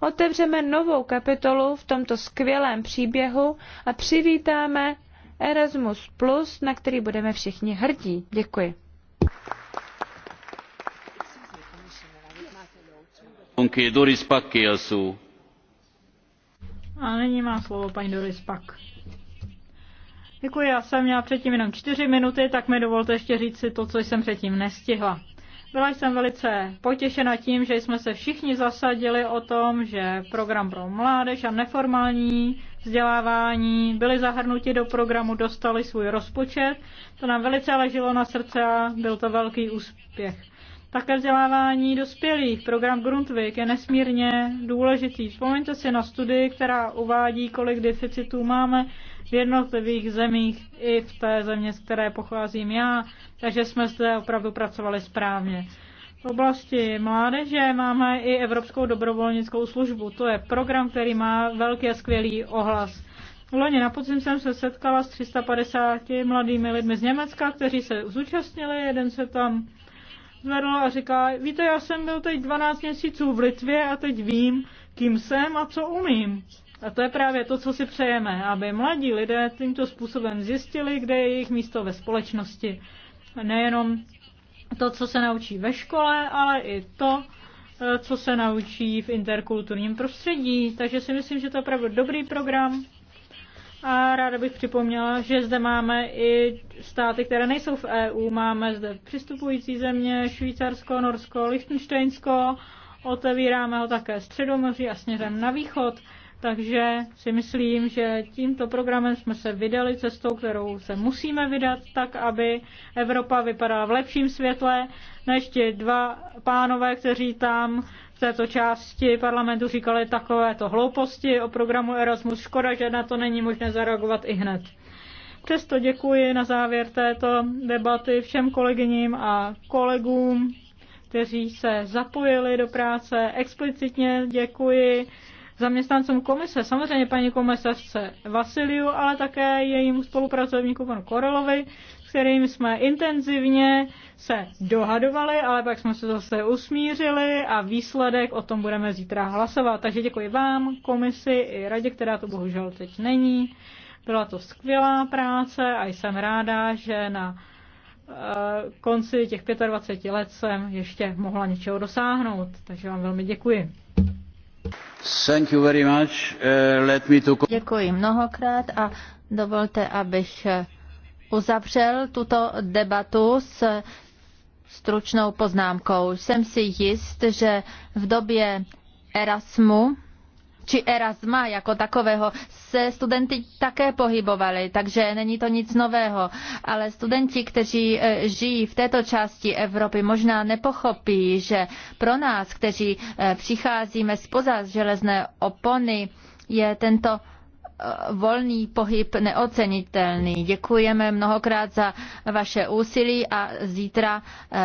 otevřeme novou kapitolu v tomto skvělém příběhu a přivítáme Erasmus+, Plus, na který budeme všichni hrdí. Děkuji. Doris Pak A nyní má slovo paní Doris Pak. Děkuji, já jsem měla předtím jenom čtyři minuty, tak mi dovolte ještě říct si to, co jsem předtím nestihla. Byla jsem velice potěšena tím, že jsme se všichni zasadili o tom, že program pro mládež a neformální vzdělávání byly zahrnuti do programu, dostali svůj rozpočet. To nám velice leželo na srdce a byl to velký úspěch. Také vzdělávání dospělých, program Grundvik je nesmírně důležitý. Vzpomeňte si na studii, která uvádí, kolik deficitů máme v jednotlivých zemích i v té země, z které pocházím já, takže jsme zde opravdu pracovali správně. V oblasti mládeže máme i Evropskou dobrovolnickou službu. To je program, který má velký a skvělý ohlas. V loni na podzim jsem se setkala s 350 mladými lidmi z Německa, kteří se zúčastnili, jeden se tam zvedl a říká, víte, já jsem byl teď 12 měsíců v Litvě a teď vím, kým jsem a co umím. A to je právě to, co si přejeme, aby mladí lidé tímto způsobem zjistili, kde je jejich místo ve společnosti. Nejenom to, co se naučí ve škole, ale i to, eh, co se naučí v interkulturním prostředí. Takže si myslím, že to je opravdu dobrý program. A ráda bych připomněla, že zde máme i státy, které nejsou v EU. Máme zde přistupující země Švýcarsko, Norsko, Lichtensteinsko. Otevíráme ho také středomoří a směrem na východ. Takže si myslím, že tímto programem jsme se vydali cestou, kterou se musíme vydat, tak aby Evropa vypadala v lepším světle, než ti dva pánové, kteří tam v této části parlamentu říkali takovéto hlouposti o programu Erasmus. Škoda, že na to není možné zareagovat i hned. Přesto děkuji na závěr této debaty všem kolegyním a kolegům, kteří se zapojili do práce. Explicitně děkuji zaměstnancům komise, samozřejmě paní komisařce Vasiliu, ale také jejím spolupracovníku panu Korelovi, s kterým jsme intenzivně se dohadovali, ale pak jsme se zase usmířili a výsledek o tom budeme zítra hlasovat. Takže děkuji vám, komisi i radě, která to bohužel teď není. Byla to skvělá práce a jsem ráda, že na eh, konci těch 25 let jsem ještě mohla něčeho dosáhnout. Takže vám velmi děkuji. Uh, Děkuji mnohokrát a dovolte, abych eh, uzavřel tuto debatu s stručnou poznámkou. Jsem si jist, že v době Erasmu či Erasma jako takového se studenty také pohybovali, takže není to nic nového. Ale studenti, kteří e, žijí v této části Evropy, možná nepochopí, že pro nás, kteří e, přicházíme spoza železné opony, je tento e, volný pohyb neocenitelný. Děkujeme mnohokrát za vaše úsilí a zítra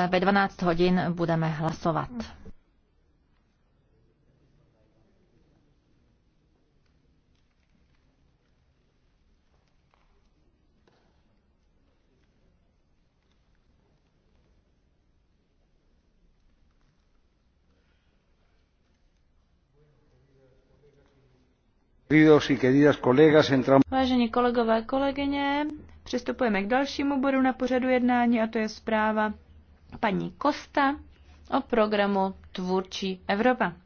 ve 12 hodin budeme hlasovat. Vážení kolegové, kolegyně, přistupujeme k dalšímu bodu na pořadu jednání a to je zpráva paní Kosta o programu Tvůrčí Evropa.